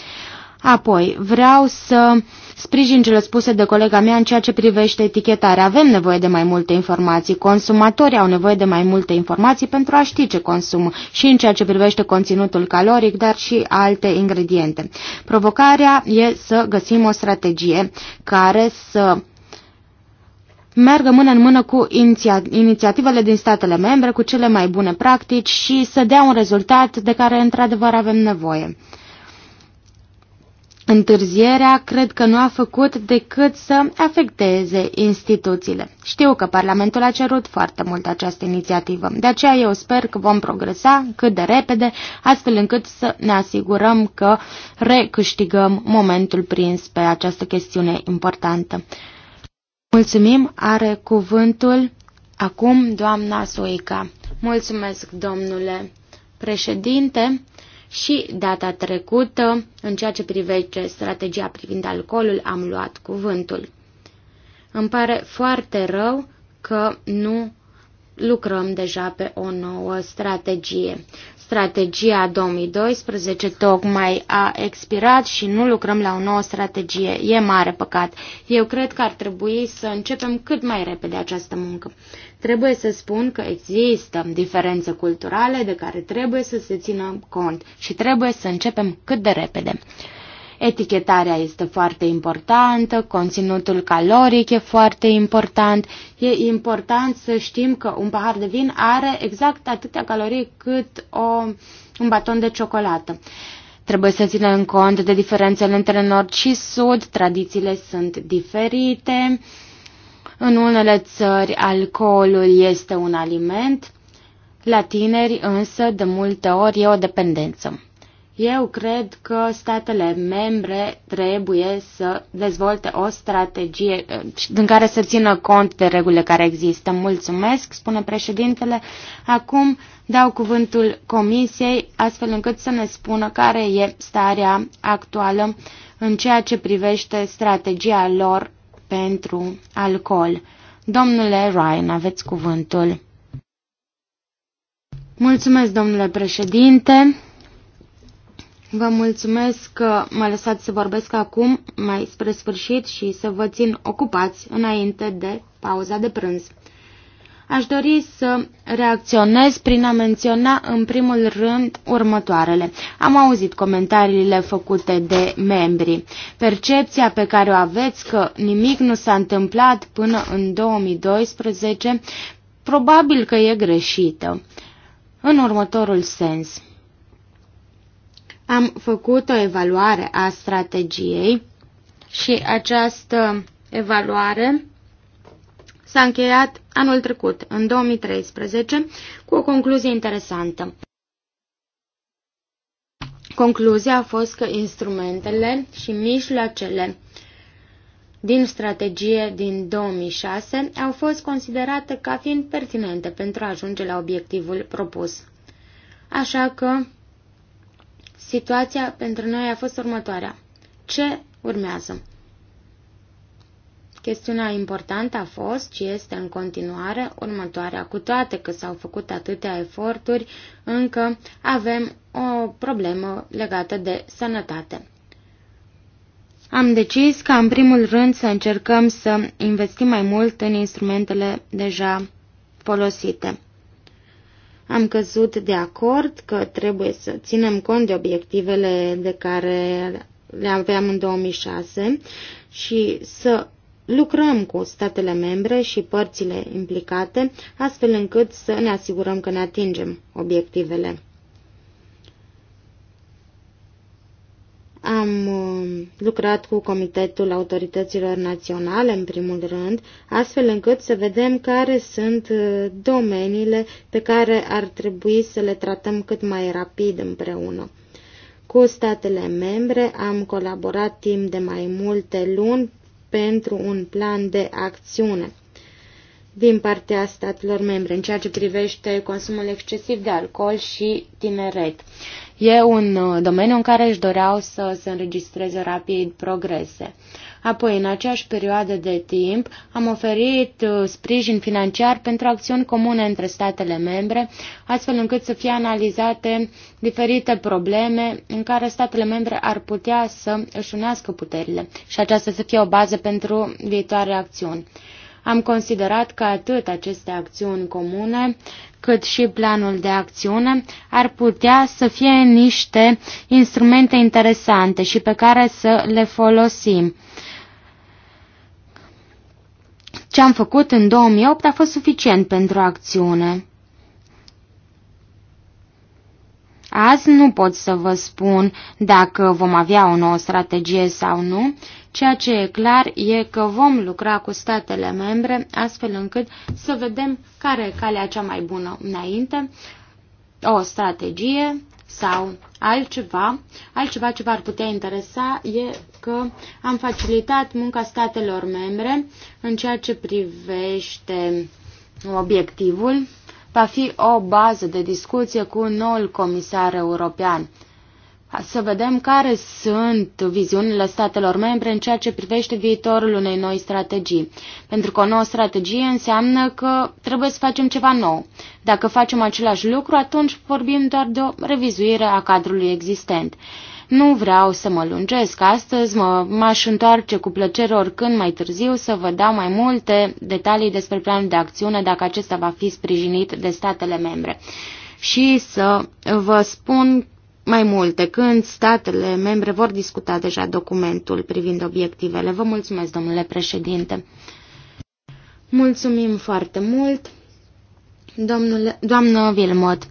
Speaker 1: Apoi, vreau să uh, Sprijin cele spuse de colega mea în ceea ce privește etichetarea. Avem nevoie de mai multe informații. Consumatorii au nevoie de mai multe informații pentru a ști ce consumă și în ceea ce privește conținutul caloric, dar și alte ingrediente. Provocarea e să găsim o strategie care să meargă mână în mână cu inițiativele din statele membre, cu cele mai bune practici și să dea un rezultat de care într-adevăr avem nevoie. Întârzierea cred că nu a făcut decât să afecteze instituțiile. Știu că Parlamentul a cerut foarte mult această inițiativă, de aceea eu sper că vom progresa cât de repede, astfel încât să ne asigurăm că recâștigăm momentul prins pe această chestiune importantă. Mulțumim, are cuvântul acum doamna Soica. Mulțumesc, domnule președinte. Și data trecută, în ceea ce privește strategia privind alcoolul, am luat cuvântul. Îmi pare foarte rău că nu lucrăm deja pe o nouă strategie. Strategia 2012 tocmai a expirat și nu lucrăm la o nouă strategie. E mare păcat. Eu cred că ar trebui să începem cât mai repede această muncă. Trebuie să spun că există diferențe culturale de care trebuie să se țină cont și trebuie să începem cât de repede. Etichetarea este foarte importantă, conținutul caloric e foarte important. E important să știm că un pahar de vin are exact atâtea calorii cât o, un baton de ciocolată. Trebuie să ținem cont de diferențele între nord și sud, tradițiile sunt diferite. Uh, în unele țări alcoolul este un aliment, la tineri însă de multe ori e o dependență. Eu cred că statele membre trebuie să dezvolte o strategie în care să țină cont de regulile care există. Mulțumesc, spune președintele. Acum dau cuvântul comisiei astfel încât să ne spună care e starea actuală în ceea ce privește strategia lor pentru alcool. Domnule Ryan, aveți cuvântul. Mulțumesc, domnule președinte. Vă mulțumesc că mă lăsați să vorbesc acum, mai spre sfârșit, și să vă țin ocupați înainte de pauza de prânz. Aș dori să reacționez prin a menționa în primul rând următoarele. Am auzit comentariile făcute de membri. Percepția pe care o aveți că nimic nu s-a întâmplat până în 2012 probabil că e greșită. În următorul sens. Am făcut o evaluare a strategiei și această evaluare s-a încheiat anul trecut, în 2013, cu o concluzie interesantă. Concluzia a fost că instrumentele și mijloacele din strategie din 2006 au fost considerate ca fiind pertinente pentru a ajunge la obiectivul propus. Așa că situația pentru noi a fost următoarea. Ce urmează? Chestiunea importantă a fost și este în continuare următoarea. Cu toate că s-au făcut atâtea eforturi, încă avem o problemă legată de sănătate. Am decis ca în primul rând să încercăm să investim mai mult în instrumentele deja folosite. Am căzut de acord că trebuie să ținem cont de obiectivele de care le aveam în 2006 și să Lucrăm cu statele membre și părțile implicate, astfel încât să ne asigurăm că ne atingem obiectivele. Am uh, lucrat cu Comitetul Autorităților Naționale, în primul rând, astfel încât să vedem care sunt uh, domeniile pe care ar trebui să le tratăm cât mai rapid împreună. Cu statele membre am colaborat timp de mai multe luni pentru un plan de acțiune din partea statelor membre în ceea ce privește consumul excesiv de alcool și tineret. E un uh, domeniu în care își doreau să se înregistreze rapid progrese. Apoi, în aceeași perioadă de timp, am oferit uh, sprijin financiar pentru acțiuni comune între statele membre, astfel încât să fie analizate diferite probleme în care statele membre ar putea să își unească puterile și aceasta să fie o bază pentru viitoare acțiuni. Am considerat că atât aceste acțiuni comune, cât și planul de acțiune ar putea să fie niște instrumente interesante și pe care să le folosim ce am făcut în 2008 a fost suficient pentru acțiune. Azi nu pot să vă spun dacă vom avea o nouă strategie sau nu. Ceea ce e clar e că vom lucra cu statele membre astfel încât să vedem care e calea cea mai bună înainte, o strategie sau altceva, altceva ce v-ar putea interesa e că am facilitat munca statelor membre în ceea ce privește obiectivul. Va fi o bază de discuție cu noul comisar european să vedem care sunt viziunile statelor membre în ceea ce privește viitorul unei noi strategii. Pentru că o nouă strategie înseamnă că trebuie să facem ceva nou. Dacă facem același lucru, atunci vorbim doar de o revizuire a cadrului existent. Nu vreau să mă lungesc astăzi, mă, m-aș întoarce cu plăcere oricând mai târziu să vă dau mai multe detalii despre planul de acțiune dacă acesta va fi sprijinit de statele membre. Și să vă spun mai multe când statele membre vor discuta deja documentul privind obiectivele. Vă mulțumesc, domnule președinte. Mulțumim foarte mult, domnule, doamnă Vilmot.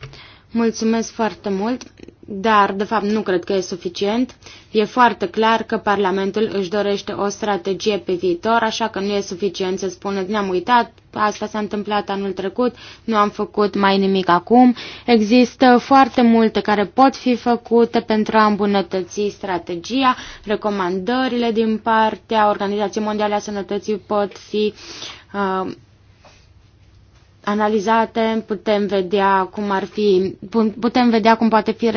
Speaker 1: Mulțumesc foarte mult dar de fapt nu cred că e suficient. E foarte clar că Parlamentul își dorește o strategie pe viitor, așa că nu e suficient să spună ne-am uitat, asta s-a întâmplat anul trecut, nu am făcut mai nimic acum. Există foarte multe care pot fi făcute pentru a îmbunătăți strategia, recomandările din partea Organizației Mondiale a Sănătății pot fi uh, analizate, putem vedea cum ar fi, putem vedea cum poate fi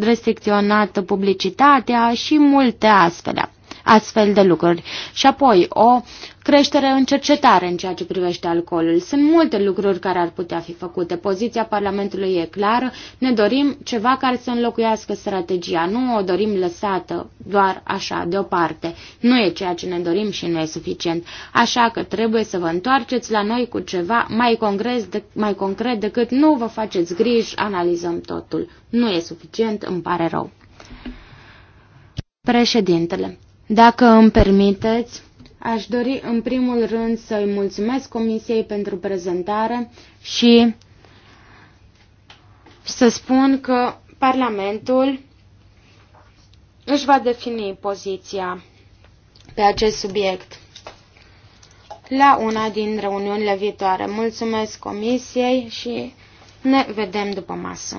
Speaker 1: restricționată publicitatea și multe astfel astfel de lucruri. Și apoi o creștere în cercetare în ceea ce privește alcoolul. Sunt multe lucruri care ar putea fi făcute. Poziția Parlamentului e clară. Ne dorim ceva care să înlocuiască strategia. Nu o dorim lăsată doar așa, deoparte. Nu e ceea ce ne dorim și nu e suficient. Așa că trebuie să vă întoarceți la noi cu ceva mai concret, de, mai concret decât nu vă faceți griji, analizăm totul. Nu e suficient, îmi pare rău. Președintele, dacă îmi permiteți, aș dori în primul rând să-i mulțumesc Comisiei pentru prezentare și să spun că Parlamentul își va defini poziția pe acest subiect la una din reuniunile viitoare. Mulțumesc Comisiei și ne vedem după masă.